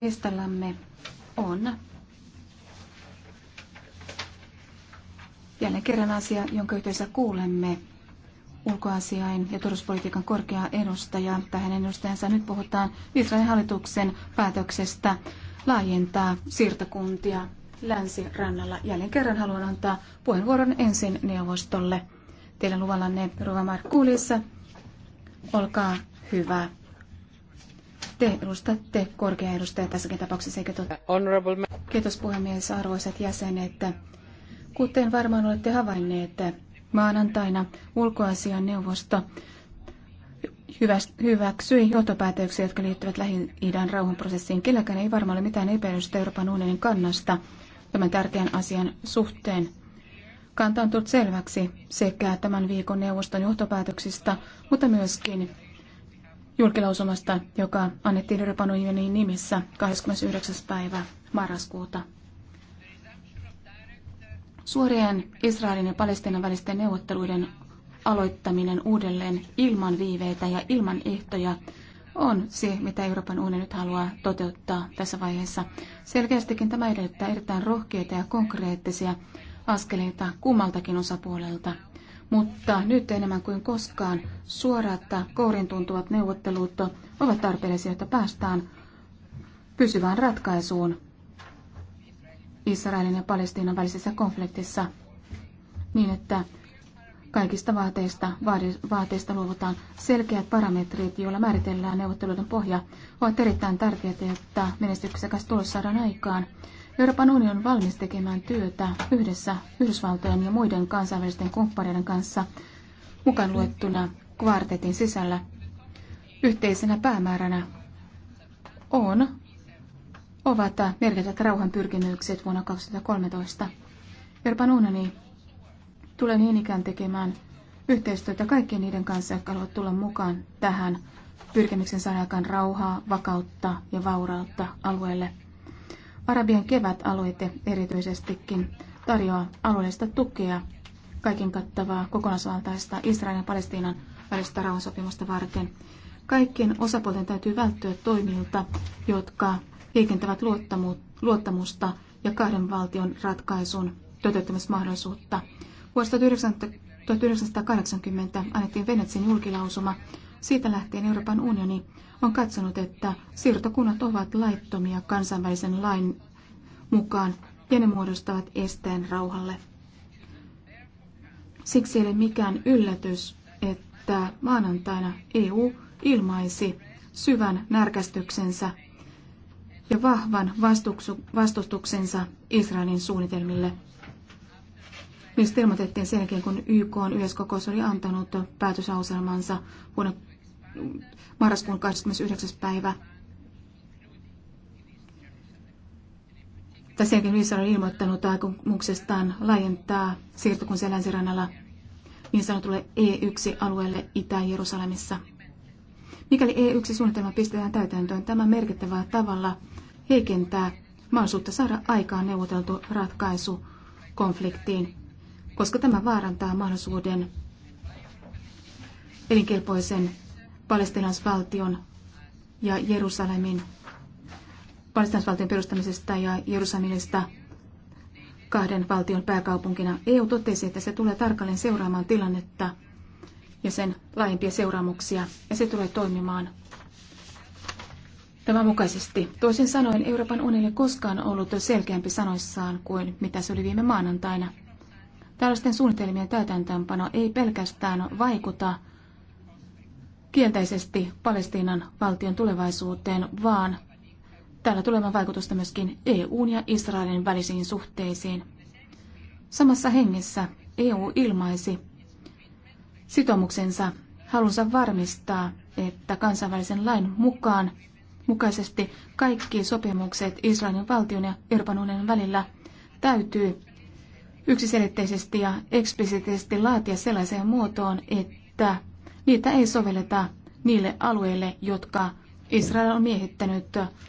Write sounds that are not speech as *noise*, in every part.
listallamme on jälleen kerran asia, jonka yhteydessä kuulemme ulkoasiain ja turvallisuuspolitiikan korkea edustaja. Tähän edustajansa nyt puhutaan Israelin hallituksen päätöksestä laajentaa siirtokuntia länsirannalla. Jälleen kerran haluan antaa puheenvuoron ensin neuvostolle. teillä luvallanne Ruva Markkulissa. Olkaa hyvä. Te edustatte korkea edustaja tässäkin tapauksessa, totta. Kiitos puhemies, arvoisat jäsenet. Kuten varmaan olette havainneet, maanantaina ulkoasian neuvosto hyväksyi johtopäätöksiä, jotka liittyvät Lähi-idän rauhanprosessiin. Kelläkään ei varmaan ole mitään epäilystä Euroopan unionin kannasta tämän tärkeän asian suhteen. Kanta on tullut selväksi sekä tämän viikon neuvoston johtopäätöksistä, mutta myöskin julkilausumasta, joka annettiin Euroopan unionin nimissä 29. päivä marraskuuta. Suorien Israelin ja Palestiinan välisten neuvotteluiden aloittaminen uudelleen ilman viiveitä ja ilman ehtoja on se, mitä Euroopan unioni nyt haluaa toteuttaa tässä vaiheessa. Selkeästikin tämä edellyttää erittäin rohkeita ja konkreettisia askeleita kummaltakin osapuolelta – mutta nyt enemmän kuin koskaan suorat kourin tuntuvat neuvottelut ovat tarpeellisia, että päästään pysyvään ratkaisuun Israelin ja Palestiinan välisessä konfliktissa niin, että kaikista vaateista, vaateista luovutaan selkeät parametrit, joilla määritellään neuvotteluiden pohja, ovat erittäin tärkeitä, että menestyksekäs tulos saadaan aikaan. Euroopan unioni on valmis tekemään työtä yhdessä Yhdysvaltojen ja muiden kansainvälisten kumppaneiden kanssa mukaan luettuna kvartetin sisällä. Yhteisenä päämääränä on ovat merkittävät rauhanpyrkimykset vuonna 2013. Euroopan unioni tulee niin ikään tekemään yhteistyötä kaikkien niiden kanssa, jotka haluavat tulla mukaan tähän pyrkimyksen saada aikaan rauhaa, vakautta ja vaurautta alueelle. Arabian kevät-aloite erityisestikin tarjoaa alueellista tukea kaiken kattavaa kokonaisvaltaista Israelin ja Palestiinan välistä rauhansopimusta varten. Kaikkien osapuolten täytyy välttyä toimilta, jotka heikentävät luottamusta ja kahden valtion ratkaisun toteuttamismahdollisuutta. Vuodesta 1980 annettiin Venetsin julkilausuma. Siitä lähtien Euroopan unioni on katsonut, että siirtokunnat ovat laittomia kansainvälisen lain mukaan ja ne muodostavat esteen rauhalle. Siksi ei ole mikään yllätys, että maanantaina EU ilmaisi syvän närkästyksensä ja vahvan vastustuksensa Israelin suunnitelmille. Niistä ilmoitettiin sen jälkeen, kun YK on yleiskokous oli antanut päätösauselmansa vuonna marraskuun 29. päivä. Tässä jälkeen Israel on ilmoittanut aikomuksestaan laajentaa siirtokunnan länsirannalla niin sanotulle E1-alueelle Itä-Jerusalemissa. Mikäli E1-suunnitelma pistetään täytäntöön, tämä merkittävällä tavalla heikentää mahdollisuutta saada aikaan neuvoteltu ratkaisu konfliktiin, koska tämä vaarantaa mahdollisuuden elinkelpoisen palestinaisvaltion ja Jerusalemin palestinaisvaltion perustamisesta ja Jerusalemista kahden valtion pääkaupunkina. EU totesi, että se tulee tarkalleen seuraamaan tilannetta ja sen laajempia seuraamuksia, ja se tulee toimimaan tämän mukaisesti. Toisin sanoen Euroopan unioni koskaan ollut selkeämpi sanoissaan kuin mitä se oli viime maanantaina. Tällaisten suunnitelmien täytäntöönpano ei pelkästään vaikuta kielteisesti Palestiinan valtion tulevaisuuteen, vaan tällä tulemaan vaikutusta myöskin EUn ja Israelin välisiin suhteisiin. Samassa hengessä EU ilmaisi sitoumuksensa halunsa varmistaa, että kansainvälisen lain mukaan mukaisesti kaikki sopimukset Israelin valtion ja Euroopan unionin välillä täytyy yksiselitteisesti ja eksplisiittisesti laatia sellaiseen muotoon, että niitä ei sovelleta niille alueille, jotka Israel on miehittänyt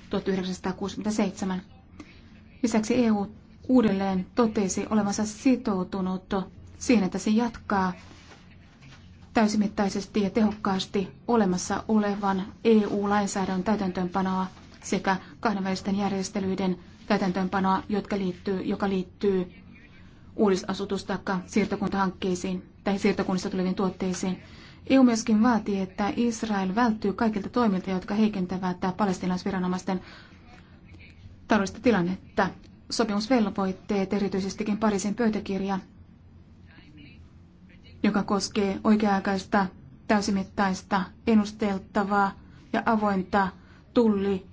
1967. Lisäksi EU uudelleen totesi olevansa sitoutunut siihen, että se jatkaa täysimittaisesti ja tehokkaasti olemassa olevan EU-lainsäädännön täytäntöönpanoa sekä kahdenvälisten järjestelyiden täytäntöönpanoa, jotka liittyy, joka liittyy uudisasutusta siirtokuntahankkeisiin tai siirtokunnista tuleviin tuotteisiin. EU myöskin vaatii, että Israel välttyy kaikilta toimilta, jotka heikentävät palestinaisviranomaisten taloudellista tilannetta. Sopimusvelvoitteet, erityisestikin Pariisin pöytäkirja, joka koskee oikea-aikaista, täysimittaista, ennusteltavaa ja avointa tulli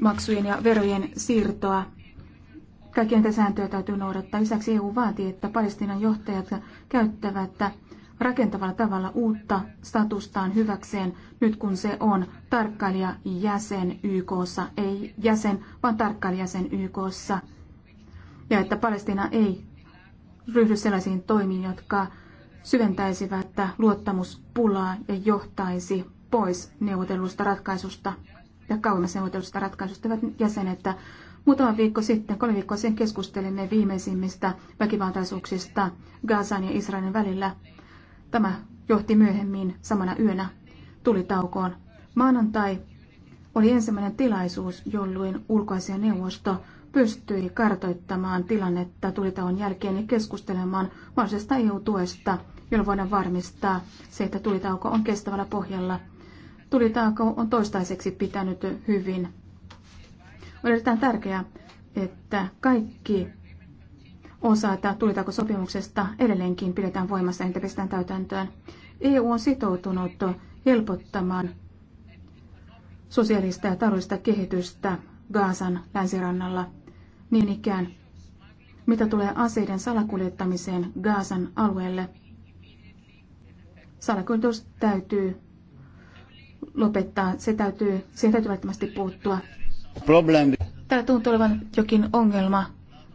maksujen ja verojen siirtoa. Kaikkien sääntöjä täytyy noudattaa. Lisäksi EU vaatii, että Palestiinan johtajat käyttävät rakentavalla tavalla uutta statustaan hyväkseen, nyt kun se on tarkkailijajäsen YKssa, ei jäsen, vaan tarkkailijäsen YKssa. Ja että Palestina ei ryhdy sellaisiin toimiin, jotka syventäisivät luottamuspulaa ja johtaisi pois neuvotellusta ratkaisusta ja kauemmas neuvotellusta ratkaisusta hyvät jäsenet. Muutama viikko sitten, kolme viikkoa sen keskustelimme viimeisimmistä väkivaltaisuuksista Gazan ja Israelin välillä. Tämä johti myöhemmin samana yönä tulitaukoon. Maanantai oli ensimmäinen tilaisuus, jolloin ulkoisen neuvosto pystyi kartoittamaan tilannetta tulitauon jälkeen ja keskustelemaan mahdollisesta EU-tuesta, jolla voidaan varmistaa se, että tulitauko on kestävällä pohjalla. Tulitauko on toistaiseksi pitänyt hyvin. On erittäin tärkeää, että kaikki osa, että tulitako sopimuksesta edelleenkin pidetään voimassa, entä pistetään täytäntöön. EU on sitoutunut helpottamaan sosiaalista ja taloudellista kehitystä Gaasan länsirannalla. Niin ikään, mitä tulee aseiden salakuljettamiseen Gaasan alueelle, salakuljetus täytyy lopettaa, se täytyy, siihen täytyy välttämättä puuttua. Problem. Täällä tuntuu olevan jokin ongelma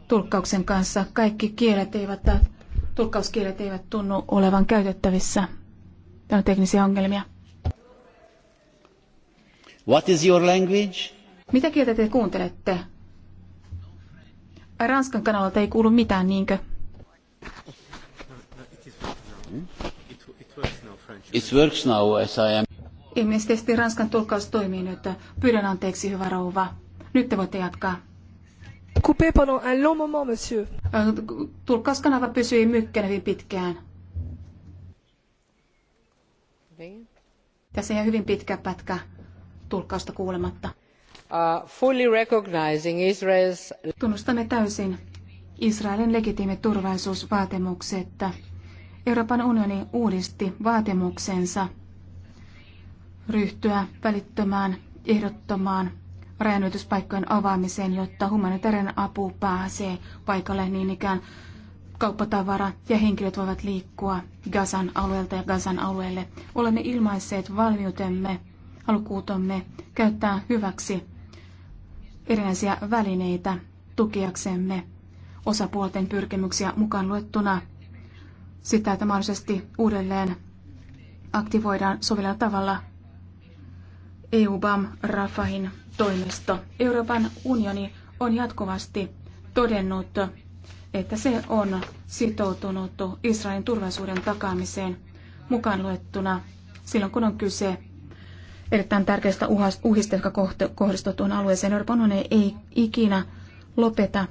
tulkkauksen kanssa. Kaikki kielet eivät, äh, tulkkauskielet eivät tunnu olevan käytettävissä. Täällä on teknisiä ongelmia. What is your language? Mitä kieltä te kuuntelette? Ranskan kanavalta ei kuulu mitään, niinkö? It works now as I am. Ilmeisesti Ranskan tulkkaus toimii nyt. Pyydän anteeksi, hyvä rouva. Nyt te voitte jatkaa. Coupé pendant un long moment, monsieur. Tulkkauskanava pysyi mykkänä hyvin pitkään. Tässä jäi hyvin pitkä pätkä tulkkausta kuulematta. Uh, fully recognizing Israel's... Tunnustamme täysin Israelin legitiimit turvallisuusvaatimukset. Euroopan unioni uudisti vaatimuksensa ryhtyä välittömään ehdottomaan rajanylityspaikkojen avaamiseen, jotta humanitaarinen apu pääsee paikalle niin ikään kauppatavara ja henkilöt voivat liikkua Gazan alueelta ja Gazan alueelle. Olemme ilmaisseet valmiutemme, halukuutomme käyttää hyväksi erinäisiä välineitä tukiaksemme osapuolten pyrkimyksiä mukaan luettuna sitä, että mahdollisesti uudelleen aktivoidaan sovellella tavalla EU-BAM Rafahin toimesta. Euroopan unioni on jatkuvasti todennut, että se on sitoutunut Israelin turvallisuuden takaamiseen mukaan luettuna silloin, kun on kyse erittäin tärkeistä uhista, jotka kohdistuvat tuon alueeseen. Euroopan unioni ei ikinä lopeta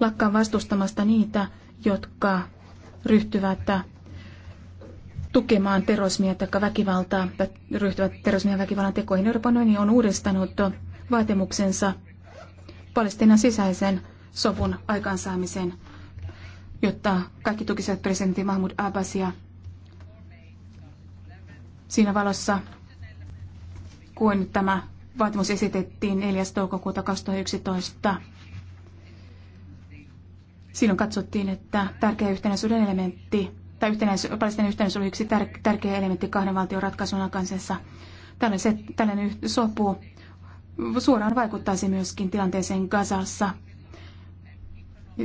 lakkaa vastustamasta niitä, jotka ryhtyvät tukemaan terrorismia tai väkivaltaa tai ryhtyvät terrorismia väkivallan tekoihin. Euroopan unioni on uudistanut vaatimuksensa Palestinan sisäisen sovun aikaansaamiseen, jotta kaikki tukisivat presidentti Mahmoud Abbasia siinä valossa, kun tämä vaatimus esitettiin 4. toukokuuta 2011. Silloin katsottiin, että tärkeä yhtenäisyyden elementti Tämä yhtenäis, Palestinan yhtenäisyys oli yksi tär, tärkeä elementti kahden valtion ratkaisun aikaisessa. Tällainen, tällainen sopu suoraan vaikuttaisi myöskin tilanteeseen Gazassa.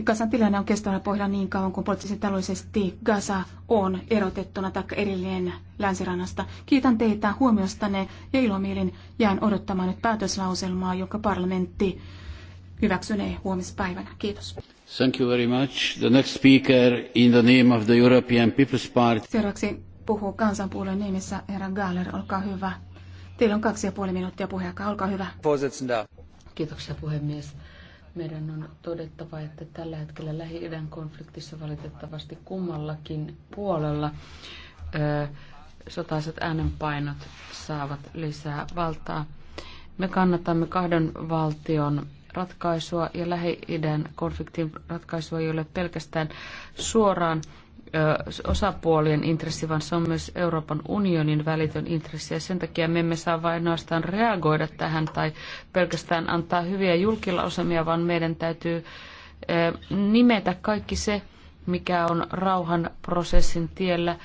Gazan tilanne on kestävällä pohjalla niin kauan kuin poliittisesti taloudellisesti Gaza on erotettuna tai erillinen länsirannasta. Kiitän teitä huomiostanne ja ilomielin jään odottamaan nyt päätöslauselmaa, jonka parlamentti hyväksynee huomispäivänä. Kiitos. Thank you very much. The next speaker in the name of the European People's Party. Seuraavaksi puhuu kansanpuolueen nimissä herra galler olkaa hyvä. Teillä on kaksi ja puoli minuuttia puheenjohtaja, olkaa hyvä. Kiitoksia puhemies. Meidän on todettava, että tällä hetkellä Lähi-idän konfliktissa valitettavasti kummallakin puolella ö, sotaiset äänenpainot saavat lisää valtaa. Me kannatamme kahden valtion ratkaisua ja Lähi-idän konfliktin ratkaisua ei ole pelkästään suoraan osapuolien intressi, vaan se on myös Euroopan unionin välitön intressi. Ja sen takia me emme saa vain ainoastaan reagoida tähän tai pelkästään antaa hyviä julkilausemia, vaan meidän täytyy nimetä kaikki se, mikä on rauhan prosessin tiellä.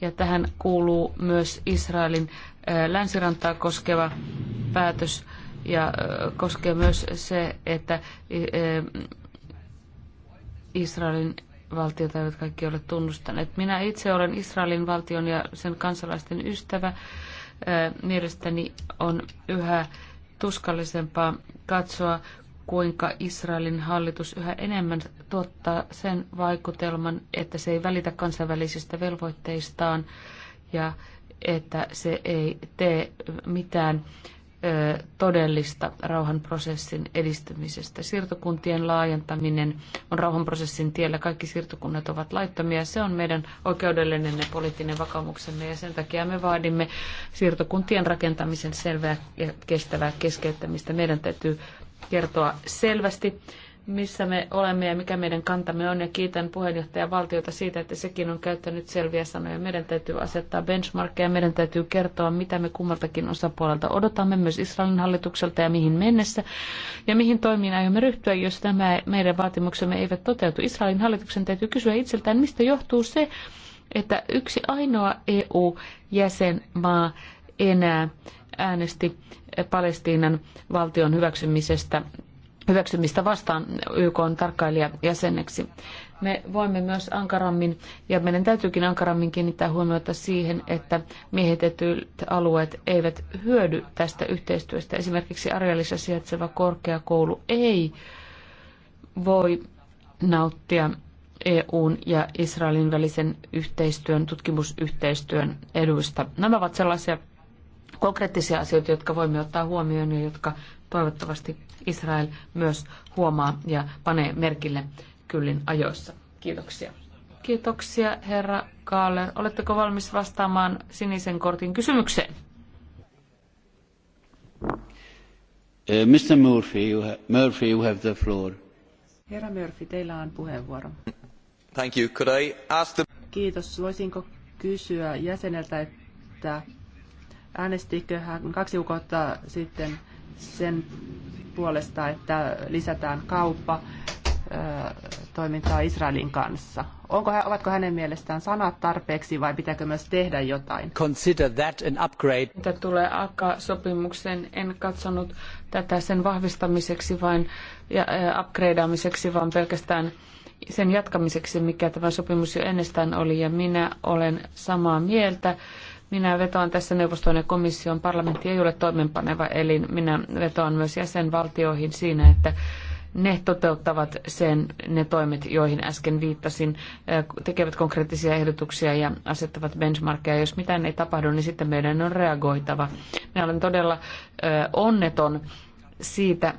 Ja tähän kuuluu myös Israelin länsirantaa koskeva päätös ja koskee myös se, että Israelin valtiota eivät kaikki ole tunnustaneet. Minä itse olen Israelin valtion ja sen kansalaisten ystävä. Mielestäni on yhä tuskallisempaa katsoa, kuinka Israelin hallitus yhä enemmän tuottaa sen vaikutelman, että se ei välitä kansainvälisistä velvoitteistaan ja että se ei tee mitään todellista rauhanprosessin edistymisestä. Siirtokuntien laajentaminen on rauhanprosessin tiellä. Kaikki siirtokunnat ovat laittomia. Se on meidän oikeudellinen ja poliittinen vakaumuksemme ja sen takia me vaadimme siirtokuntien rakentamisen selvää ja kestävää keskeyttämistä. Meidän täytyy kertoa selvästi missä me olemme ja mikä meidän kantamme on. Ja kiitän puheenjohtaja valtiota siitä, että sekin on käyttänyt selviä sanoja. Meidän täytyy asettaa benchmarkkeja, meidän täytyy kertoa, mitä me kummaltakin osapuolelta odotamme myös Israelin hallitukselta ja mihin mennessä. Ja mihin toimiin aiomme ryhtyä, jos nämä meidän vaatimuksemme eivät toteutu. Israelin hallituksen täytyy kysyä itseltään, mistä johtuu se, että yksi ainoa EU-jäsenmaa enää äänesti Palestiinan valtion hyväksymisestä hyväksymistä vastaan YK on tarkkailijajäseneksi. Me voimme myös ankarammin, ja meidän täytyykin ankarammin kiinnittää huomiota siihen, että miehitetyt alueet eivät hyödy tästä yhteistyöstä. Esimerkiksi Arjalissa sijaitseva korkeakoulu ei voi nauttia EUn ja Israelin välisen yhteistyön, tutkimusyhteistyön eduista. Nämä ovat sellaisia konkreettisia asioita, jotka voimme ottaa huomioon ja jotka Toivottavasti Israel myös huomaa ja panee merkille kyllin ajoissa. Kiitoksia. Kiitoksia, herra Kaaler. Oletteko valmis vastaamaan sinisen kortin kysymykseen? Uh, Mr. Murphy you, have, Murphy, you have the floor. Herra Murphy, teillä on puheenvuoro. Thank you. Could I ask the... Kiitos. Voisinko kysyä jäseneltä, että äänestikö hän kaksi kuukautta sitten sen puolesta, että lisätään kauppa toimintaa Israelin kanssa. Onko, ovatko hänen mielestään sanat tarpeeksi vai pitääkö myös tehdä jotain? Consider that an upgrade. Mitä tulee AK-sopimukseen, en katsonut tätä sen vahvistamiseksi vain ja upgradeamiseksi, vaan pelkästään sen jatkamiseksi, mikä tämä sopimus jo ennestään oli. Ja minä olen samaa mieltä minä vetoan tässä neuvoston ja komission. Parlamentti ei ole toimenpaneva elin. Minä vetoan myös jäsenvaltioihin siinä, että ne toteuttavat sen, ne toimet, joihin äsken viittasin, tekevät konkreettisia ehdotuksia ja asettavat benchmarkeja. Jos mitään ei tapahdu, niin sitten meidän on reagoitava. Minä olen todella onneton siitä,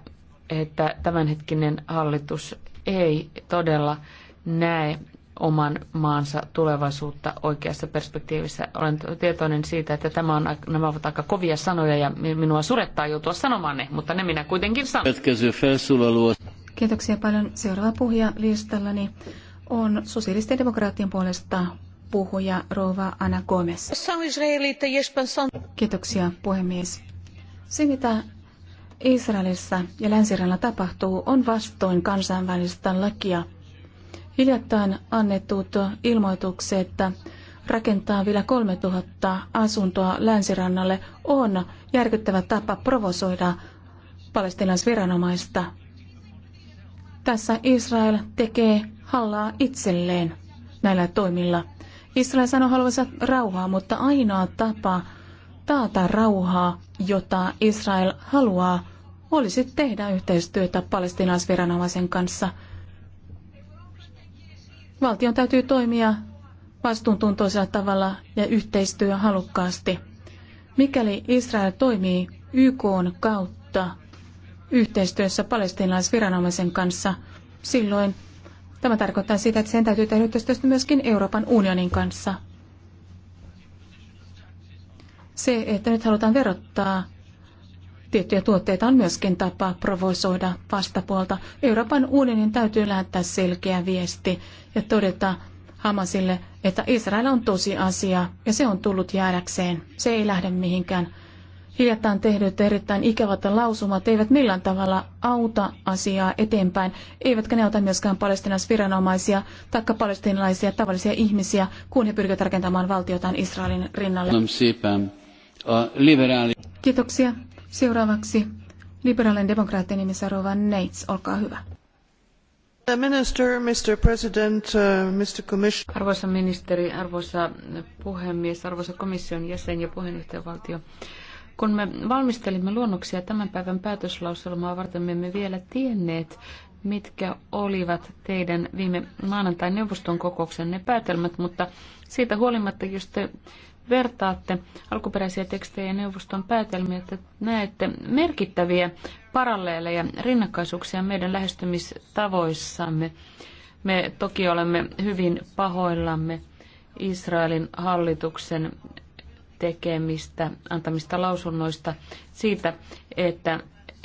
että tämänhetkinen hallitus ei todella näe oman maansa tulevaisuutta oikeassa perspektiivissä. Olen tietoinen siitä, että tämä on, nämä ovat aika kovia sanoja ja minua surettaa joutua sanomaan ne, mutta ne minä kuitenkin sanon. Kiitoksia paljon. Seuraava puhuja listallani on sosiaalisten demokraattien puolesta puhuja Rova Ana Gomez. Kiitoksia puhemies. Se, mitä Israelissa ja länsirannalla tapahtuu, on vastoin kansainvälistä lakia – Hiljattain annetut ilmoitukset rakentaa vielä 3000 asuntoa länsirannalle on järkyttävä tapa provosoida palestinaisviranomaista. Tässä Israel tekee hallaa itselleen näillä toimilla. Israel sanoo haluansa rauhaa, mutta ainoa tapa taata rauhaa, jota Israel haluaa, olisi tehdä yhteistyötä palestinaisviranomaisen kanssa – Valtion täytyy toimia vastuuntuntoisella tavalla ja yhteistyöhalukkaasti. Mikäli Israel toimii YK kautta yhteistyössä palestinaisviranomaisen kanssa, silloin tämä tarkoittaa sitä, että sen täytyy tehdä yhteistyöstä myöskin Euroopan unionin kanssa. Se, että nyt halutaan verottaa Tiettyjä tuotteita on myöskin tapa provosoida vastapuolta. Euroopan unionin täytyy lähettää selkeä viesti ja todeta Hamasille, että Israel on tosi asia ja se on tullut jäädäkseen. Se ei lähde mihinkään. Hiljattain tehdyt erittäin ikävät lausumat eivät millään tavalla auta asiaa eteenpäin, eivätkä ne auta myöskään palestinaisviranomaisia tai palestinaisia tavallisia ihmisiä, kun he pyrkivät rakentamaan valtiotaan Israelin rinnalle. Kiitoksia. Seuraavaksi liberaalien demokraattien nimissä Rova Neits, olkaa hyvä. Minister, Mr. President, uh, Mr. Commission. Arvoisa ministeri, arvoisa puhemies, arvoisa komission jäsen ja puheenjohtajavaltio. Kun me valmistelimme luonnoksia tämän päivän päätöslauselmaa varten, me emme vielä tienneet, mitkä olivat teidän viime maanantain neuvoston kokouksenne päätelmät, mutta siitä huolimatta, jos te vertaatte alkuperäisiä tekstejä ja neuvoston päätelmiä, että näette merkittäviä paralleeleja, rinnakkaisuuksia meidän lähestymistavoissamme. Me toki olemme hyvin pahoillamme Israelin hallituksen tekemistä, antamista lausunnoista siitä, että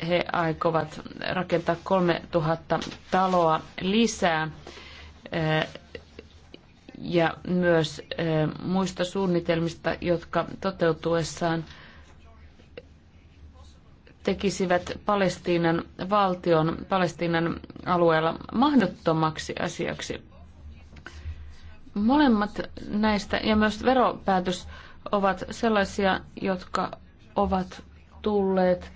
he aikovat rakentaa 3000 taloa lisää eh, ja myös muista suunnitelmista, jotka toteutuessaan tekisivät Palestiinan valtion Palestiinan alueella mahdottomaksi asiaksi. Molemmat näistä ja myös veropäätös ovat sellaisia, jotka ovat tulleet äh,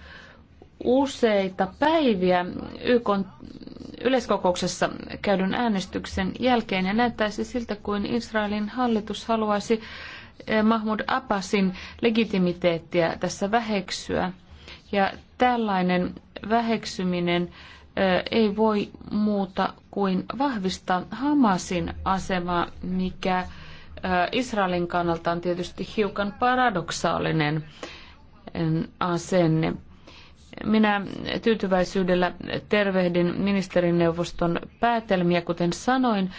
useita päiviä YK yleiskokouksessa käydyn äänestyksen jälkeen ja näyttäisi siltä kuin Israelin hallitus haluaisi eh, Mahmud Abbasin legitimiteettiä tässä väheksyä. Ja tällainen väheksyminen eh, ei voi muuta kuin vahvistaa Hamasin asemaa, mikä eh, Israelin kannalta on tietysti hiukan paradoksaalinen asenne. Minä tyytyväisyydellä tervehdin ministerineuvoston päätelmiä, kuten sanoin,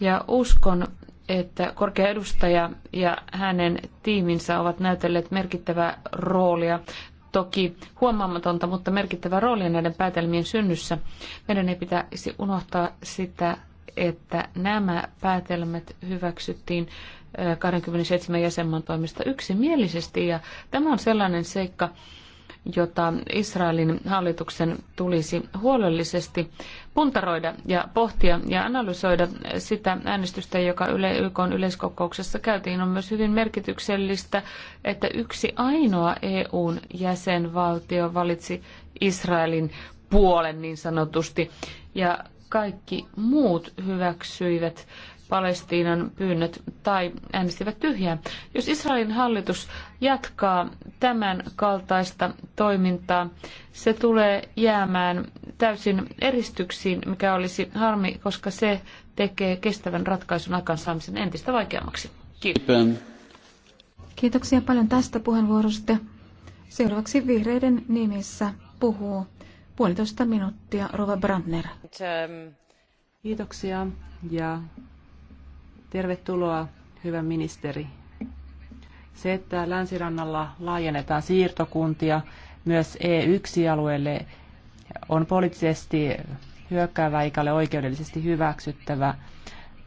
ja uskon, että korkea edustaja ja hänen tiiminsä ovat näytelleet merkittävää roolia toki huomaamatonta, mutta merkittävä rooli näiden päätelmien synnyssä. Meidän ei pitäisi unohtaa sitä, että nämä päätelmät hyväksyttiin 27 äh, jäsenmaan toimesta yksimielisesti ja tämä on sellainen seikka, jota Israelin hallituksen tulisi huolellisesti puntaroida ja pohtia ja analysoida sitä äänestystä, joka yle, YK yleiskokouksessa käytiin. On myös hyvin merkityksellistä, että yksi ainoa EUn jäsenvaltio valitsi Israelin puolen niin sanotusti ja kaikki muut hyväksyivät Palestiinan pyynnöt tai äänestivät tyhjää. Jos Israelin hallitus jatkaa tämän kaltaista toimintaa, se tulee jäämään täysin eristyksiin, mikä olisi harmi, koska se tekee kestävän ratkaisun aikaansaamisen entistä vaikeammaksi. Kiitos. Kiitoksia paljon tästä puheenvuorosta. Seuraavaksi vihreiden nimissä puhuu puolitoista minuuttia Rova Brandner. Kiitoksia ja Tervetuloa, hyvä ministeri. Se, että länsirannalla laajennetaan siirtokuntia myös E1-alueelle, on poliittisesti hyökkäävä eikä ole oikeudellisesti hyväksyttävä.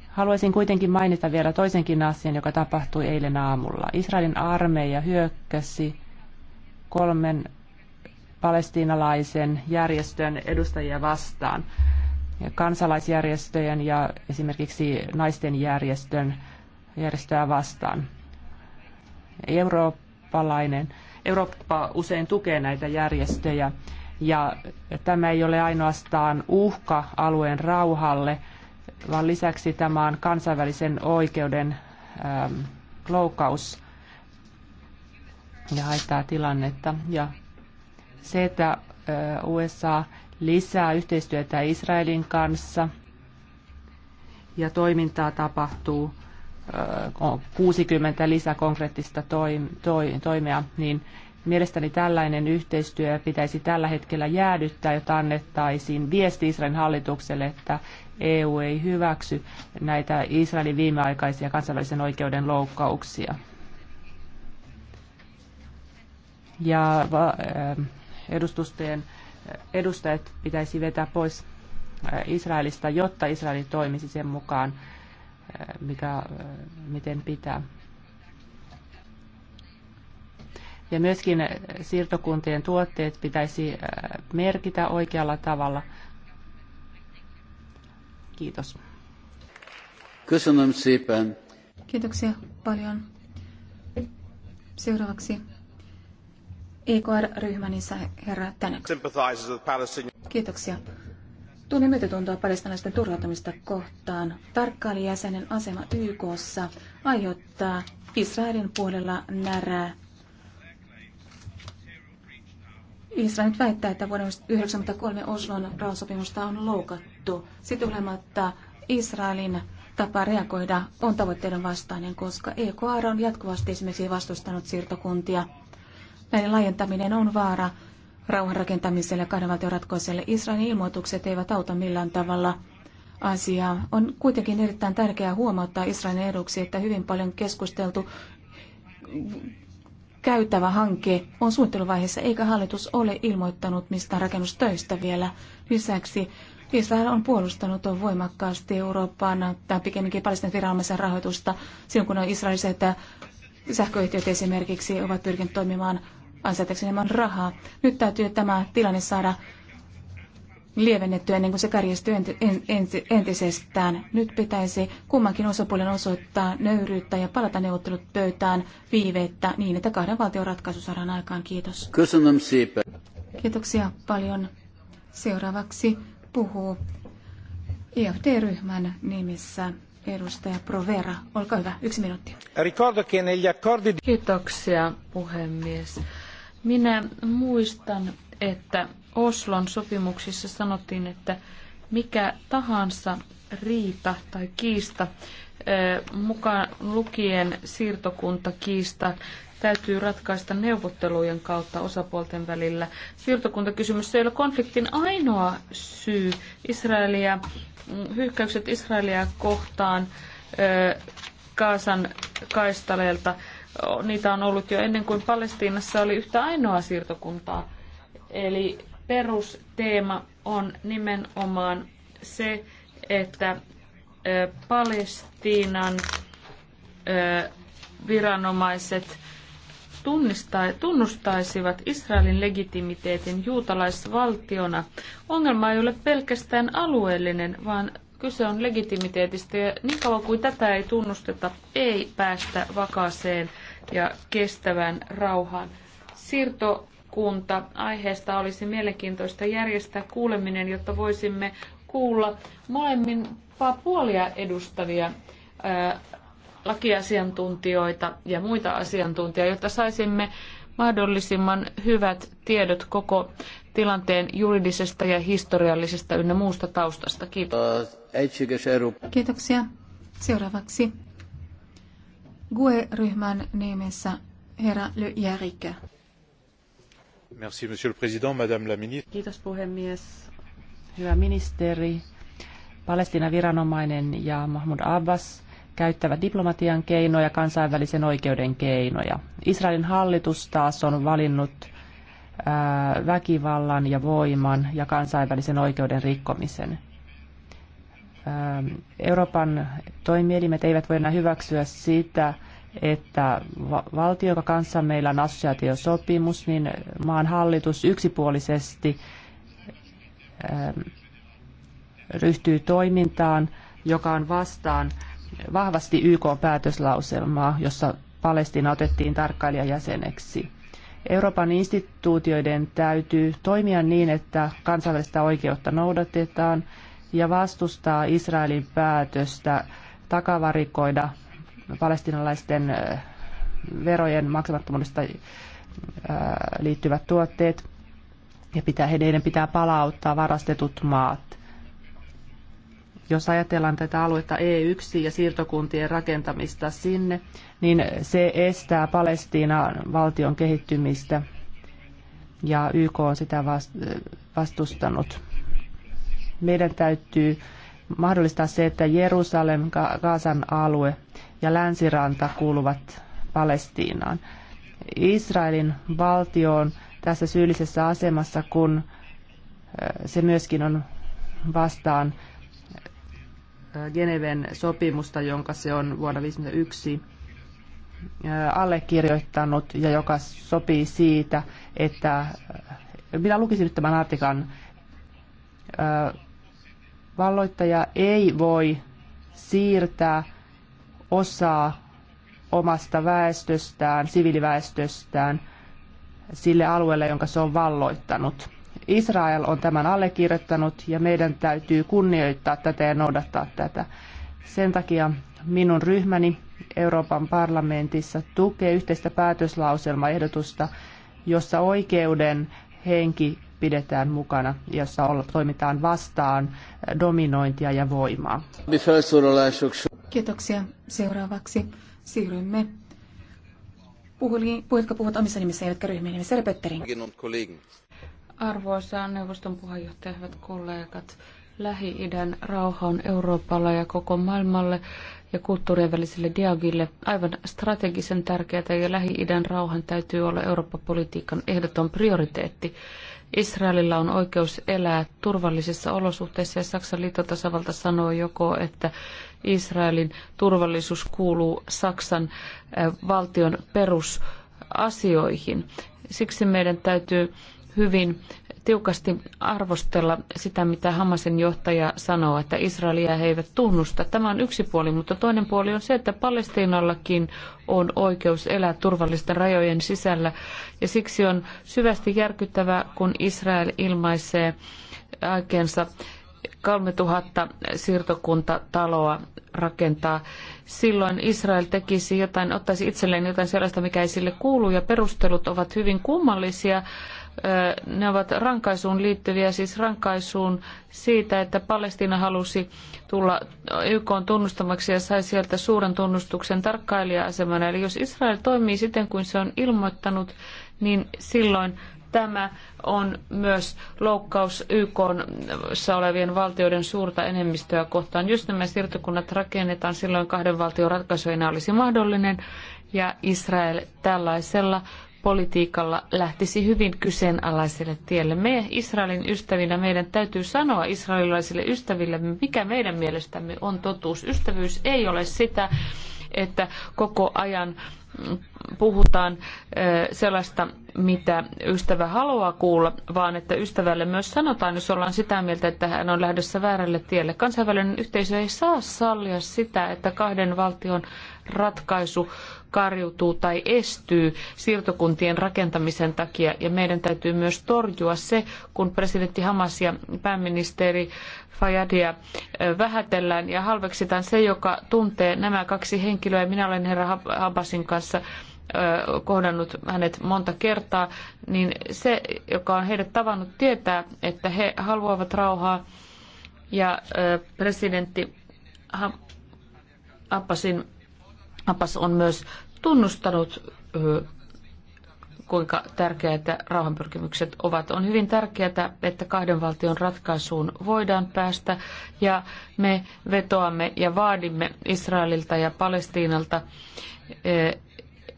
Haluaisin kuitenkin mainita vielä toisenkin asian, joka tapahtui eilen aamulla. Israelin armeija hyökkäsi kolmen palestiinalaisen järjestön edustajia vastaan kansalaisjärjestöjen ja esimerkiksi naisten järjestön, järjestöä vastaan. Eurooppalainen, Eurooppa usein tukee näitä järjestöjä ja tämä ei ole ainoastaan uhka alueen rauhalle, vaan lisäksi tämä on kansainvälisen oikeuden ähm, loukkaus ja haittaa tilannetta. Ja se, että äh, USA lisää yhteistyötä Israelin kanssa ja toimintaa tapahtuu 60 lisäkonkreettista toimea, niin mielestäni tällainen yhteistyö pitäisi tällä hetkellä jäädyttää, jotta annettaisiin viesti Israelin hallitukselle, että EU ei hyväksy näitä Israelin viimeaikaisia kansainvälisen oikeuden loukkauksia. Ja edustustojen edustajat pitäisi vetää pois äh, Israelista, jotta Israel toimisi sen mukaan, äh, mikä, äh, miten pitää. Ja myöskin siirtokuntien tuotteet pitäisi merkitä oikealla tavalla. Kiitos. Kiitoksia paljon. Seuraavaksi EKR-ryhmänissä herra Tänäk. Kiitoksia. Tunnen myötätuntoa palestinaisten turvautumista kohtaan. Tarkkailijäsenen asema YKssa aiheuttaa Israelin puolella närää. Israel nyt väittää, että vuoden 1993 Oslon rauhansopimusta on loukattu. Sitten Israelin tapa reagoida on tavoitteiden vastainen, koska EKR on jatkuvasti esimerkiksi vastustanut siirtokuntia – Näiden laajentaminen on vaara rauhan rakentamiselle ja kahdenvaltioratkoiselle. Israelin ilmoitukset eivät auta millään tavalla asiaa. On kuitenkin erittäin tärkeää huomauttaa Israelin eduksi, että hyvin paljon keskusteltu käytävä hanke on suunnitteluvaiheessa, eikä hallitus ole ilmoittanut mistään rakennustöistä vielä. Lisäksi Israel on puolustanut on voimakkaasti Euroopan tai pikemminkin palestinan viranomaisen rahoitusta silloin, kun on israeliset sähköyhtiöt esimerkiksi ovat pyrkineet toimimaan ansaitakseen enemmän rahaa. Nyt täytyy tämä tilanne saada lievennettyä ennen kuin se kärjistyy entisestään. Nyt pitäisi kummankin osapuolen osoittaa nöyryyttä ja palata neuvottelut pöytään viiveettä niin, että kahden valtion ratkaisu saadaan aikaan. Kiitos. Kiitoksia paljon. Seuraavaksi puhuu EFD-ryhmän nimissä edustaja Provera. Olkaa hyvä, yksi minuutti. Kiitoksia puhemies. Minä muistan, että Oslon sopimuksissa sanottiin, että mikä tahansa riita tai kiista, mukaan lukien siirtokuntakiista, täytyy ratkaista neuvottelujen kautta osapuolten välillä. Siirtokuntakysymys ei ole konfliktin ainoa syy. Israelia, mm, hyökkäykset Israelia kohtaan Kaasan kaistaleelta niitä on ollut jo ennen kuin Palestiinassa oli yhtä ainoa siirtokuntaa. Eli perusteema on nimenomaan se, että Palestiinan viranomaiset tunnustaisivat Israelin legitimiteetin juutalaisvaltiona. Ongelma ei ole pelkästään alueellinen, vaan Kyse on legitimiteetistä ja niin kauan kuin tätä ei tunnusteta, ei päästä vakaaseen ja kestävään rauhaan. Siirtokunta aiheesta olisi mielenkiintoista järjestää kuuleminen, jotta voisimme kuulla molemmin puolia edustavia ää, lakiasiantuntijoita ja muita asiantuntijoita, jotta saisimme mahdollisimman hyvät tiedot koko tilanteen juridisesta ja historiallisesta ynnä muusta taustasta. Kiitos. Kiitoksia. Seuraavaksi GUE-ryhmän nimessä herra Le Järikä. Merci, monsieur le président, madame la ministre. Kiitos puhemies. Hyvä ministeri. Palestina viranomainen ja Mahmoud Abbas käyttävät diplomatian keinoja, kansainvälisen oikeuden keinoja. Israelin hallitus taas on valinnut väkivallan ja voiman ja kansainvälisen oikeuden rikkomisen. Euroopan toimielimet eivät voi enää hyväksyä sitä, että valtio, joka kanssa meillä on assosiaatiosopimus, niin maan hallitus yksipuolisesti ryhtyy toimintaan, joka on vastaan vahvasti YK-päätöslauselmaa, jossa Palestina otettiin tarkkailijajäseneksi. Euroopan instituutioiden täytyy toimia niin, että kansainvälistä oikeutta noudatetaan ja vastustaa Israelin päätöstä takavarikoida palestinalaisten verojen maksamattomuudesta liittyvät tuotteet ja pitää, heidän pitää palauttaa varastetut maat. Jos ajatellaan tätä aluetta E1 ja siirtokuntien rakentamista sinne, niin se estää Palestiinan valtion kehittymistä ja YK on sitä vastustanut. Meidän täytyy mahdollistaa se, että Jerusalem, Gaasan alue ja länsiranta kuuluvat Palestiinaan. Israelin valtio on tässä syyllisessä asemassa, kun se myöskin on vastaan Geneven sopimusta, jonka se on vuonna 1951 allekirjoittanut ja joka sopii siitä, että minä lukisin nyt tämän artikan. Valloittaja ei voi siirtää osaa omasta väestöstään, siviiliväestöstään, sille alueelle, jonka se on valloittanut. Israel on tämän allekirjoittanut ja meidän täytyy kunnioittaa tätä ja noudattaa tätä. Sen takia minun ryhmäni Euroopan parlamentissa tukee yhteistä päätöslauselmaehdotusta, jossa oikeuden henki pidetään mukana, jossa toimitaan vastaan dominointia ja voimaa. Kiitoksia. Seuraavaksi siirrymme puhujat, jotka omissa nimissä, eivätkä ryhmien nimissä. Pöttering. Arvoisa neuvoston puheenjohtaja, hyvät kollegat. Lähi-idän rauha on Euroopalla ja koko maailmalle ja kulttuurien väliselle dialogille aivan strategisen tärkeää ja Lähi-idän rauhan täytyy olla Euroopan politiikan ehdoton prioriteetti. Israelilla on oikeus elää turvallisissa olosuhteissa ja Saksan liittotasavalta sanoo joko, että Israelin turvallisuus kuuluu Saksan eh, valtion perusasioihin. Siksi meidän täytyy hyvin tiukasti arvostella sitä, mitä Hamasin johtaja sanoo, että Israelia he eivät tunnusta. Tämä on yksi puoli, mutta toinen puoli on se, että Palestiinallakin on oikeus elää turvallisten rajojen sisällä. Ja siksi on syvästi järkyttävää, kun Israel ilmaisee aikeensa 3000 siirtokuntataloa rakentaa. Silloin Israel tekisi jotain, ottaisi itselleen jotain sellaista, mikä ei sille kuulu, ja perustelut ovat hyvin kummallisia ne ovat rankaisuun liittyviä, siis rankaisuun siitä, että Palestiina halusi tulla YK tunnustamaksi ja sai sieltä suuren tunnustuksen tarkkailija-asemana. Eli jos Israel toimii siten kuin se on ilmoittanut, niin silloin tämä on myös loukkaus YKssa olevien valtioiden suurta enemmistöä kohtaan. Jos nämä siirtokunnat rakennetaan, silloin kahden valtion ratkaisu ei enää olisi mahdollinen ja Israel tällaisella politiikalla lähtisi hyvin kyseenalaiselle tielle. Me Israelin ystävinä meidän täytyy sanoa israelilaisille ystäville, mikä meidän mielestämme on totuus. Ystävyys ei ole sitä, että koko ajan puhutaan sellaista, mitä ystävä haluaa kuulla, vaan että ystävälle myös sanotaan, jos ollaan sitä mieltä, että hän on lähdössä väärälle tielle. Kansainvälinen yhteisö ei saa sallia sitä, että kahden valtion ratkaisu karjutuu tai estyy siirtokuntien rakentamisen takia. Ja meidän täytyy myös torjua se, kun presidentti Hamas ja pääministeri Fajadia vähätellään ja halveksitaan se, joka tuntee nämä kaksi henkilöä. Minä olen herra Habasin kanssa kohdannut hänet monta kertaa, niin se, joka on heidät tavannut, tietää, että he haluavat rauhaa. Ja presidentti Abbasin Abbas on myös tunnustanut, kuinka että rauhanpyrkimykset ovat. On hyvin tärkeää, että kahden valtion ratkaisuun voidaan päästä ja me vetoamme ja vaadimme Israelilta ja Palestiinalta,